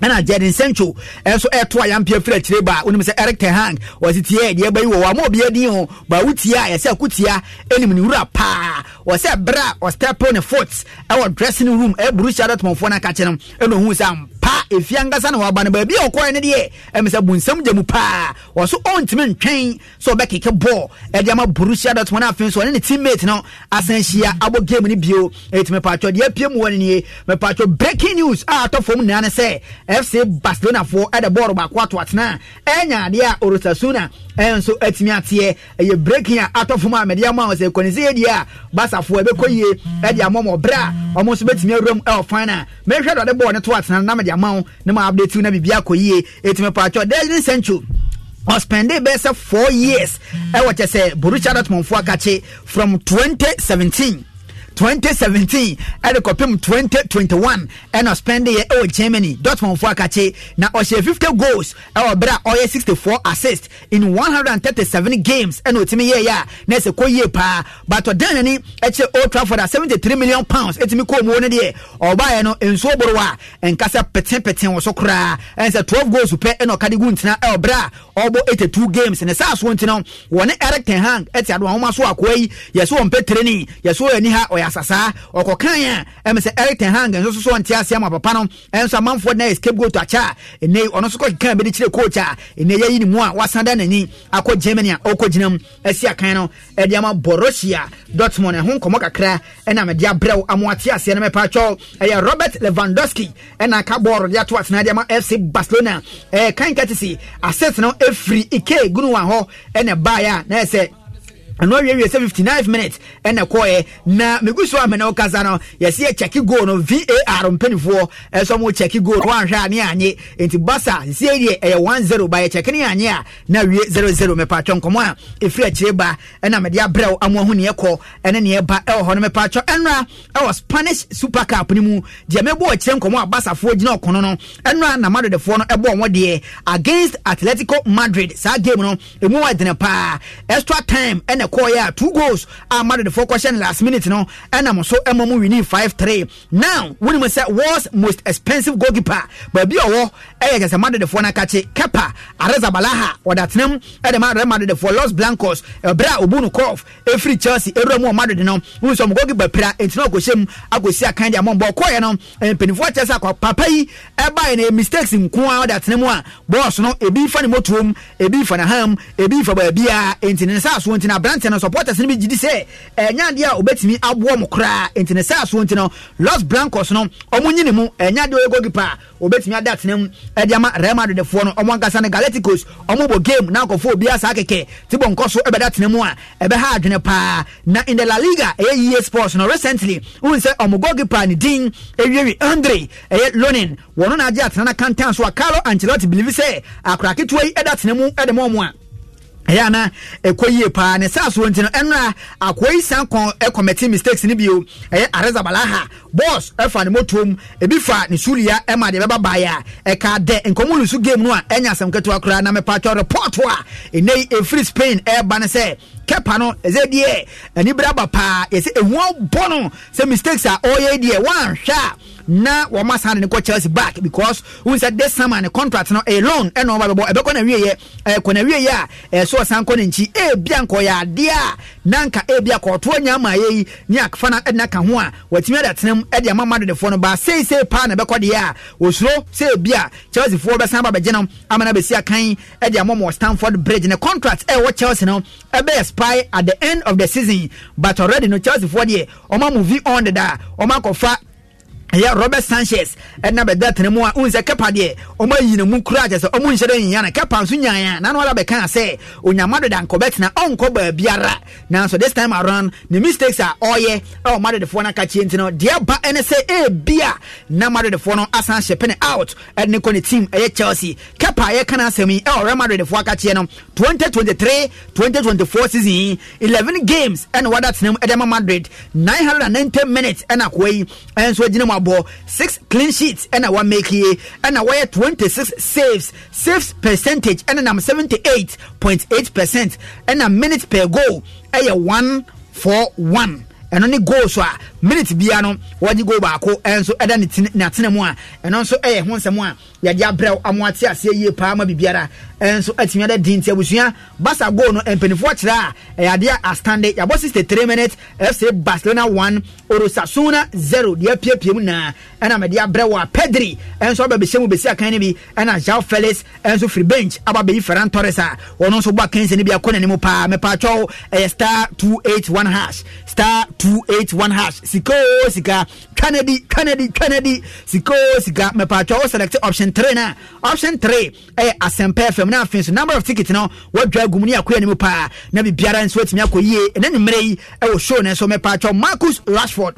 ɛna jɛden sɛncho ɛnso ɛto a yampeɛ firi akyire ba wonim sɛ eric tehang wɔse tiɛ deɛ bɛyi wɔ wɔ ama obia din ho ba wotia a yɛsɛ kotia ɛnim ne wura paa wɔsɛ berɛ a ɔstepo ne foot ɛwɔ dressing room ɛburu hyɛ adɔtomɔfoɔ no aka kye no ɛna ɔhu sɛ na efi ankasa na waba no baabi a ɔkɔɛ no deɛ ɛmi sɛ bunsɛm gya mu paa wɔ so ɔntumi ntwɛn sɛ ɔbɛkeke bɔɔl ɛde ama borussia dortmund afei so ɔne ne teammate no asan hyia abɔ game no bio ɛtumi paatwɔ deɛ pie mu wɔ no nie mɛpaatwɔ breaking news a atɔ fam nyinaa ne sɛ fc barcelona foɔ ɛde bɔɔl baako ato atena ɛnya adeɛ a orosasuna ɛnso atumi ateɛ ɛyɛ breaking a atɔ fam a mɛde ama wɔn sɛ kɔni sɛ yɛ deɛ a basafoɔ ɛbɛkɔ yie ɛde ama wɔn ɔbrɛ a wɔn nso bɛtumi awuram ɛwɔ fan na mɛhwɛ dɔde bɔɔl ne to atena na mɛde ama ho na ma update na biribi akɔ yie ɛtumi paatwɛ desden sancho ɔspɛnde bɛɛ sɛ 4 years ɛwɔ kyɛ sɛ borussia dortmundfoɔ akakye from 2017 2017 ɛde kɔpem 2021 ɛna spend year ɛwɔ germany dortmund fo akakye na ɔhyɛ 50 goals ɛwɔ berɛ a ɔyɛ 64 assist in 137 games ɛna ɔtumi yɛyɛ a na ɛsɛ kɔ yie paa but ɔdan n'ani ɛkyerɛ old trafford a 73 million pounds ɛtumi kɔɔ muo no deɛ ɔbaeɛ no nsuo boro a ɛnkasa petepete wɔ so koraa ɛnsɛ 12 goals pɛ ɛna ɔkade gu ntena ɛwɔ berɛ a ɔbɔ 82 games ne saa soɔ nti no wɔne eric ten hang ɛte adoa nwoma so akoa yi yɛsɛ wɔmpɛ tireni yɛsɛ ɔyɛ ni ha ɔyɛ ɔyɛ asasaa ɔkɔkan a ɛm sɛ eric ten hag nso so ɔnte aseɛ ma papa no ɛnso amanfoɔ na yɛ scapegoat akyɛ a ɛnɛ ɔno nso kɔkeka bɛde kyerɛ coach a ɛnɛ yɛyi ne mu a wasan da n'ani akɔ germany a ɔkɔgyina mu asi akan no ɛde ama borussia dortmund ɛho nkɔmmɔ kakra ɛna mede abrɛw amoate aseɛ no pa atwɛw ɛyɛ robert lewandowski ɛna ka bɔɔlo de ato atena de ama fc barcelona ɛɛ kan kɛtesi assist no ɛfiri ike gunuwa hɔ ɛna baeɛ a na yɛ ɛno awiewie sɛ 59 minutes ɛna kɔɛ na megu so a mene wokasa no yɛse yɛ kyɛke goal no var mpanifoɔ ɛsɛ mo kyɛke goal woanhwɛ a ne anye enti basa nsie deɛ ɛyɛ 10 ba yɛkyɛke ne anye a na awie 00 mepatwɔ nkɔmmɔ a ɛfiri akyire ba ɛna mede abrɛw amoa ho neɛkɔ ɛne neɛba ɛwɔ hɔ no mepatwɔ ɛnora ɛwɔ spanish super cup no mu deɛ mebɔɔ akyire nkɔmmɔ a basafoɔ gyina ɔkono no ɛnora na madodefoɔ no ɛbɔɔ mɔ deɛ against atletico madrid saa game no ɛmu wɔ ɛdene paa extra time ɛna na ɛkɔɔyɛ a two goals a madridfoɔ kɔhyɛ no last minute no ɛnam so ɛma mu wini five three. now wonim sɛ world's most expensive goalkeeper baabi ɔwɔ ɛyɛ kɛsɛ madridfoɔ no akakye kepa arezabalaha ɔdatenam ɛde ma real madridfoɔ los blancos ɛberɛ eh, a ɔbu no kɔf ɛfiri chelsea ɛwura mu wɔ madrid no wohu sɛ ɔmgoalkeeper pira enti na ɔkɔhyɛ mu akɔsi akan de amɔmbɔ ɔkɔɔyɛ no eh, mpanimfoɔ kyɛ sɛ akɔ papa yi ɛbaeɛ no mistakes nko a ɔde atena mu a bɔɔso no ebi fa ne mɔtuom ebi fa ne ham ebi fa baabia enti ne nsa asoɔ nti na abra aberanteɛ na supporters no bi gyidi sɛ ɛnyadeɛ a obɛtumi aboɔ mo koraa nti ne sɛ asoɔ nti no los blancos no ɔmo nyine mu ɛnyadeɛ ɔyɛ gogipa a obɛtumi ada atena mu ɛde ama real madrid foɔ no ɔmo ankasa no galacticos ɔmo bɔ game na akɔfo obiara saa kɛkɛ te bɔ nkɔ so ɛbɛda atena mu a ɛbɛha adwene paa na in the la liga ɛyɛ EA sports no recently wohu sɛ ɔmo gogipa ne din ɛwiewi andre ɛyɛ lonin wɔno na agye atena no kantan so a carlo ancelotti believe sɛ akora ketewa yi ɛda atena mu ɛde ma ɔmo a ɛyɛ ana ɛkɔ yie paa ne saa soɔ nti no ɛnora akɔyi san kɔn ɛkɔmɛte mistakes no bio ɛyɛ arezabalaha bɔs ɛfa ne motom ebi fa ne sulia ɛma deɛ bɛba baeɛ a ɛka dɛ nkɔmmɔ lusu game no a ɛnya asɛm ketewa koraa na mepatwa report a ɛnɛ yi ɛfiri spain ɛɛba no sɛ kɛpa no ɛsɛ deɛ anibere paa yɛsɛ ɛhu abɔ no sɛ mistakes a ɔyɛ deɛ wanhwɛ a na wɔma saa de ne kɔ chelsea back because wohu sɛ this summer ne contract no a loan ɛna ɔma bɛbɔ ɛbɛkɔ na wieɛ ɛkɔ na wieɛ a ɛso ɔsan kɔ ne nkyi ebia nkɔyɛ adeɛ a nanka nka ebia kɔɔtoɔ nya ama yɛ yi ne akfa na ɛna ka ho a watumi ada tenam ɛde ama ma dodofoɔ no baa seesei paa na ɛbɛkɔ deɛ a osuro sɛ ebia chelsea foɔ bɛsan ba bɛgye no ama na bɛsi akan ɛde eh, ama ma stanford bridge ne contract ɛwɔ eh, chelsea no ɛbɛ eh, expire at the end of the season but already no chelsea foɔ deɛ ɔma move on deda ɔma akɔfa ɛyɛ robert sanchez ɛna bɛda tena mu a wohu sɛ kepa deɛ ɔma yina mu kura kyɛ sɛ ɔmo nhyɛ dɛ nyiya no kepa nso nyaeɛ a na no wada bɛkaa sɛ onyama doda nkɔbɛtena ɔnkɔ baabiara nanso this time around ne mistakes a ɔyɛ ɛwɔ madodefoɔ no aka kyeɛ nti no deɛ ba ɛne sɛ ɛbia na madodefoɔ no asan hyɛ pene out ɛne kɔ ne team ɛyɛ chelsea kepa yɛka no asɛm yi ɛwɔ rɛ madodefoɔ aka kyeɛ no 2023 2024 season yi 11 games ɛne wada tena mu ɛde ma madrid 990 minutes ɛna koa yi ɛnso agyina mu six clean sheets, and I want make here, and I wire 26 saves, saves percentage, and a number 78.8%, and a minute per goal, and one four one. one for one. ɛno ne goal so a minute bia no wɔgye goal baako ɛnso ɛda ne tin n'atena mu a ɛno nso ɛyɛ ho nsɛm a yɛde abrɛw amo ate aseɛ yie paa ma biribiara ɛnso atumi ada di nti abusua basa goal no mpanimfoɔ kyerɛ a ɛyɛ eh, adeɛ astande yɛabɔ sixty three minutes fc barcelona one orosasuna zero deɛ apiapia mu naa ɛna mɛde abrɛw a pedri ɛnso aba bɛhyɛ mu bɛsi akan no bi ɛna jao felix ɛnso firi bench aba bɛyi ferran torres a ɔno nso bɔ akansi no bi akɔ n'anim paa mɛpaatwɛw ɛyɛ eh, star two eight one hash star two two eight one hash sika o sika Kennedy Kennedy Kennedy. sika o sika mɛpaatwa o select option three na option three ɛyɛ eh, asɛmpɛ fam na afei so number of tickets no wadwa agu mu ne akɔyɛ anim paa na biribiara nso atumi akɔ yie ɛna ne mmerɛ yi ɛwɔ eh, show no so mɛpaatwa marcus rashford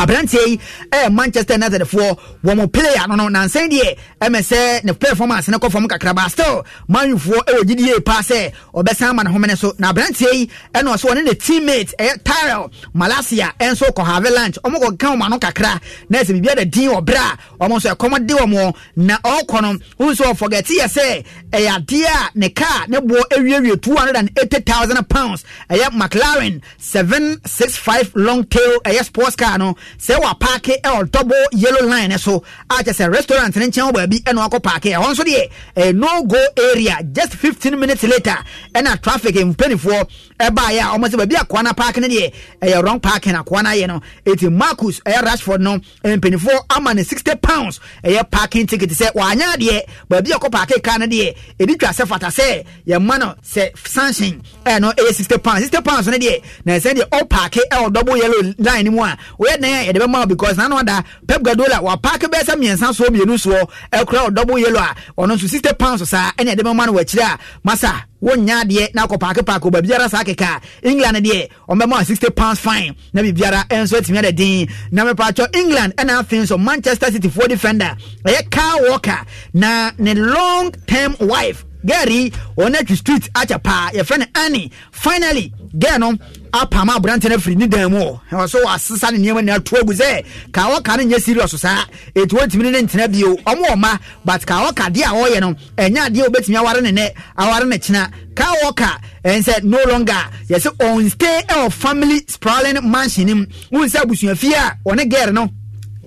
aberanteɛ yi ɛyɛ manchester united foɔ wɔn mo player no no nansan deɛ ɛmɛ sɛ ne performance ne kɔ fam kakraba still manwifoɔ ɛwɔ gyidie paa sɛ ɔbɛsan ama ne homene so na aberanteɛ yi ɛna ɔsɛ ɔne ne teammate ɛyɛ tyrell malasia ɛnso kɔ have lunch ɔmo kɔ kan ɔmo ano kakra na ɛsɛ biribi ada din wɔ berɛ a ɔmo nso ɛkɔm de wɔn na ɔkɔ no wɔn nso ɔfɔgɛte yɛ sɛ ɛyɛ adeɛ a ne car ne boɔ ewiewie two hundred and eighty thousand pounds ɛyɛ mclaren seven six five long tail ɛyɛ sports car no sɛ wapaake ɛwɔ dɔbɔ yellow line ne so a kyɛ sɛ restaurant ne nkyɛn wɔ baabi ɛna wakɔ paake ɛhɔ nso deɛ ɛyɛ no go area just fifteen minutes later ɛna traffic mpanyinfoɔ ɛbaayɛ a wɔn sɛ baabi akɔna paake ne deɛ ɛyɛ wrong paake na akɔna yɛ no eti marcus ɛyɛ rashford no mpanyinfoɔ ama ne sixty pounds ɛyɛ parking ticket sɛ wanya deɛ baabi akɔ paake kaa ne deɛ edi twa sɛ fata sɛ yɛ mma no sɛ sanction ɛno ɛyɛ sixty pounds sixty pounds ne deɛ na ɛsɛn deɛ ɔpaake ɛwɔ dɔbɔ yellow line ne mu a wɔyɛ dan kwan yɛde bɛma because na na ɔda pep guardiola wapaake bɛyɛ sɛ mmiɛnsa soɔ mmienu soɔ ɛkura ɔdɔbo yelo a ɔno nso sixty pounds saa ɛna yɛde bɛma no wɔ akyire a masa wonya adeɛ na akɔ paake paake ɔba biara saa keka england deɛ ɔmbɛma sixty pounds fine na biribiara nso atumi ada den na mepatwɔ england ɛna afei So manchester city four defender ɛyɛ car worker. na ne long term wife gary ɔnatwi street akyɛ paa yɛfrɛ no Annie. finally gɛ no apam aberante no afiri ne dan mu ɛwɔ so wɔasesa ne nneɛma nyinaa to agu sɛ ka wɔka no nyɛ serious saa ɛti wɔntumi ne ne ntena bio ɔmo ɔma but ka wɔka deɛ a wɔyɛ no ɛnyɛ adeɛ wɔbɛtumi aware ne nɛ aware ne kyena ka wɔka ɛnsɛ no longer yɛsɛ on stay ɛwɔ family sprawling mansion nim wohu sɛ abusuafie a ɔne gɛr no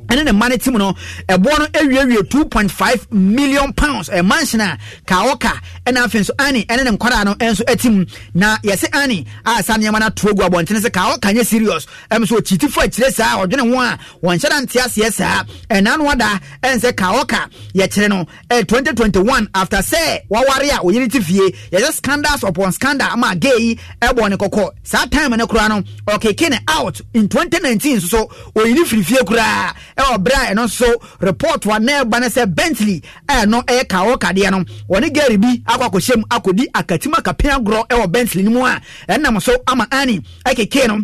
ɛne ne mma no tim no ɛboɔ no awiewie 2.5 million pounds ɛma e, nhyene a kaoka ɛna afei nso ani ɛne ne nkwadaa no nso atim na yɛse ani a saa nneɛma no atoɔ gu abɔntene sɛ kaoka nyɛ serious ɛm so ɔkyitifo akyire saa ɔdwene ho a wɔnhyɛ da nte aseɛ saa ɛna no ada ɛn sɛ kaoka yɛkyerɛ no 2021 e, after sɛ waware a ɔyere te fie yɛsɛ scandals upon scandal ama gay yi ɛbɔ ne kɔkɔ saa time no koraa no ɔkeke ne out in 2019 nso so ɔyere firi fie koraa ɛwɔ berɛ a ɛno nso report wa na ɛba no sɛ bentley ɛno ɛyɛ kawo kadeɛ no wɔne gary bi akɔ akɔhyɛm akɔdi akatim akapea gorɔ ɛwɔ bentley no mu a ɛnam so ama ani ɛkekee no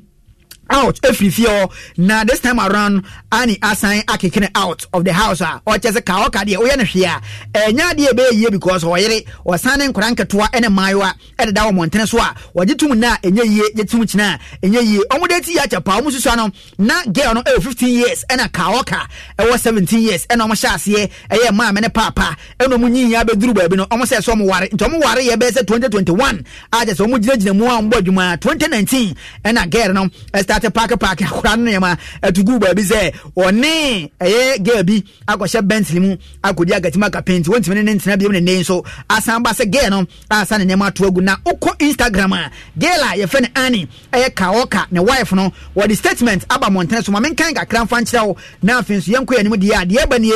out ɛfiri fie hɔ na this time around ane asan akekene out of the house a ɔkyɛ sɛ ka ɔka deɛ woyɛ no hwee a ɛnya deɛ ɛbɛyɛ yie because ɔyere ɔsan ne nkora nketewa ne mmaayewa ɛdeda wɔ mmɔntene so a wɔgye tom no a ɛnyɛ yie gye tom kyena a ɛnyɛ yie ɔmo de ti yɛ akyɛ paa ɔmo susua no na girl no ɛwɔ 15 years ɛna ka ɔka ɛwɔ 17 years ɛna ɔmo hyɛ aseɛ ɛyɛ maame ne paapa ɛna ɔmo nyinya abɛduru baabi no ɔmo sɛ ɛsɛ ɔmo ware nti ɔmo ware yɛ bɛyɛ sɛ 2021 akyɛ sɛ ɔmo gyinagyina mu a ɔmo bɔ adwuma 2019 ɛna girl no ɛsta start park park akora no nneɛma atugu baabi sɛ ɔne ɛyɛ girl bi akɔhyɛ bentley mu akɔdi agatima aka paint wɔntumi ne ne ntena biom ne ne nso asan ba sɛ girl no asa ne nneɛma ato agu na wokɔ instagram a girl a yɛfrɛ ani ɛyɛ kaoka ne wife no wɔde statement aba mmɔntene so ma menkan kakra mfa nkyerɛ wo na afei nso yɛnkɔ anim deɛ a deɛ nie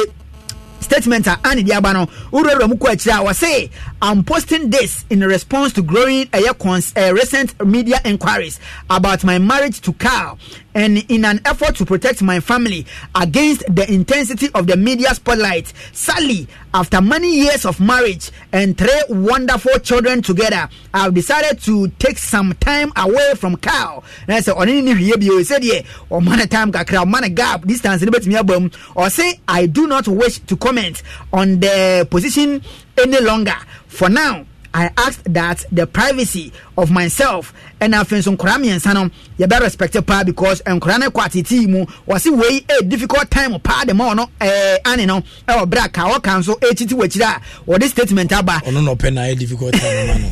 statement a ane di aba no wurawura mu kɔ akyire a wɔse i'm posting this in response to growing ɛyɛ uh, recent media inquiries about my marriage to carl and in an effort to protect my family against the intensity of the media spotlight, Sally, after many years of marriage and three wonderful children together, I've decided to take some time away from Carl. And I said, On any said, Yeah, or oh, man time, kakra, man gap, distance, me album, or say, I do not wish to comment on the position any longer. For now, I ask that the privacy of myself ɛna afei nso nkora mmiɛnsa no yɛbɛ respect paa because nkora no kɔ atete mu wɔsi wei a difficult time paa de ma ɔno ɛɛ ane no ɛwɔ bere a kaa ɔka nso ɛtiti wɔ akyire a wɔde statement aba. Ah, ɔno oh, na ɔpɛ na ayɛ difficult time ma no.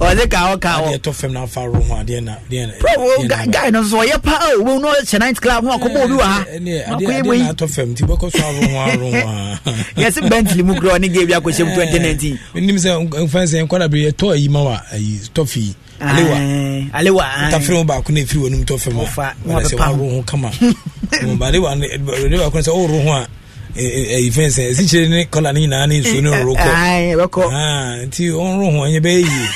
ɔde ka ɔka wɔ. adeɛ tɔ fam n'afa ro ho adeɛ na deɛ na. probo guy guy no so ɔyɛ paa o oh, wɔn no hyɛ night club ho akɔbɔ obi wɔ ha. adeɛ adeɛ na atɔ fam ti bɔkɔ so aro ho aro ho ha. yɛsi bentley mu kura ɔne gave akɔhyɛ mu [LAUGHS] twenty nineteen. nim sɛ nfa sɛ nkɔla bi yɛ tɔ ayi ma fi alewa eh, alewa eh. ntafere baako na efiri wɔnum tɔ fɛm a wɔde sɛ wɔro ho kama [LAUGHS] ba alewa alewa kɔn sɛ wɔro ho a ɛyi e, e, e, fɛn sɛ esi kyerɛ ne kɔla ne nyinaa ne nsuo ne roro kɔ [LAUGHS] ah, nti wɔro ho ɛnyɛ bɛyɛ yie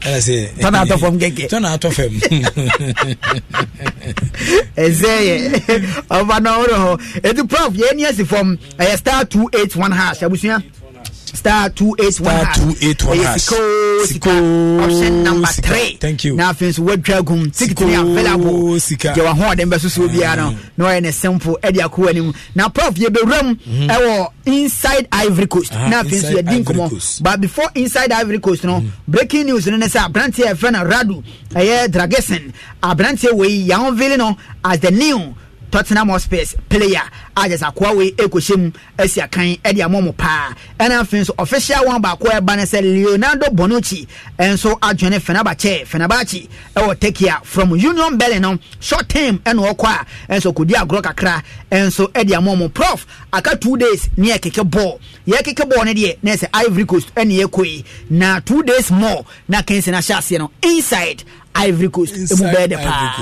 [LAUGHS] ɛna sɛ tɔn atɔ fam kɛkɛ tɔn atɔ fam ɛsɛ yɛ ɔba na ɔro hɔ etu prof yɛn ni ɛsi fam ɛyɛ star two eight one hash abusua star two eight one hash sikoo sikoo option number three thank you na afei nso wadwa gum sikitiri available jẹ wa ho ọdẹ mbẹ soso biara no na ọyẹ ne simple ẹdi akọ wani mu na prof yẹ bẹ wura mu ẹwọ inside ivory coast na afei nso yẹ di nkɔmɔ but before inside ivory coast no mm. breaking news no ne sɛ aberanteɛ ɛfɛ e na radu ɛyɛ Dragesen. aberanteɛ wɔ yi yan vili no as the new tottenham hotspur player agyes akoa wei ɛkɔhyɛ mu asi akan ɛde ama mo paa ɛna afei nso official one baako a ɛba no sɛ leonardo bonucci ɛnso adwene fenerbahce fenerbahce ɛwɔ turkey a from union berlin no short term ɛna ɔkɔ a ɛnso kɔdi agorɔ kakra ɛnso ɛde ama mo prof aka two days ne yɛkeke bɔɔl yɛkeke bɔɔl no deɛ na ɛsɛ ivory coast ɛne yɛkɔi na two days more na kensi no ahyɛ aseɛ no inside ivory coast ɛmu bɛɛ de paa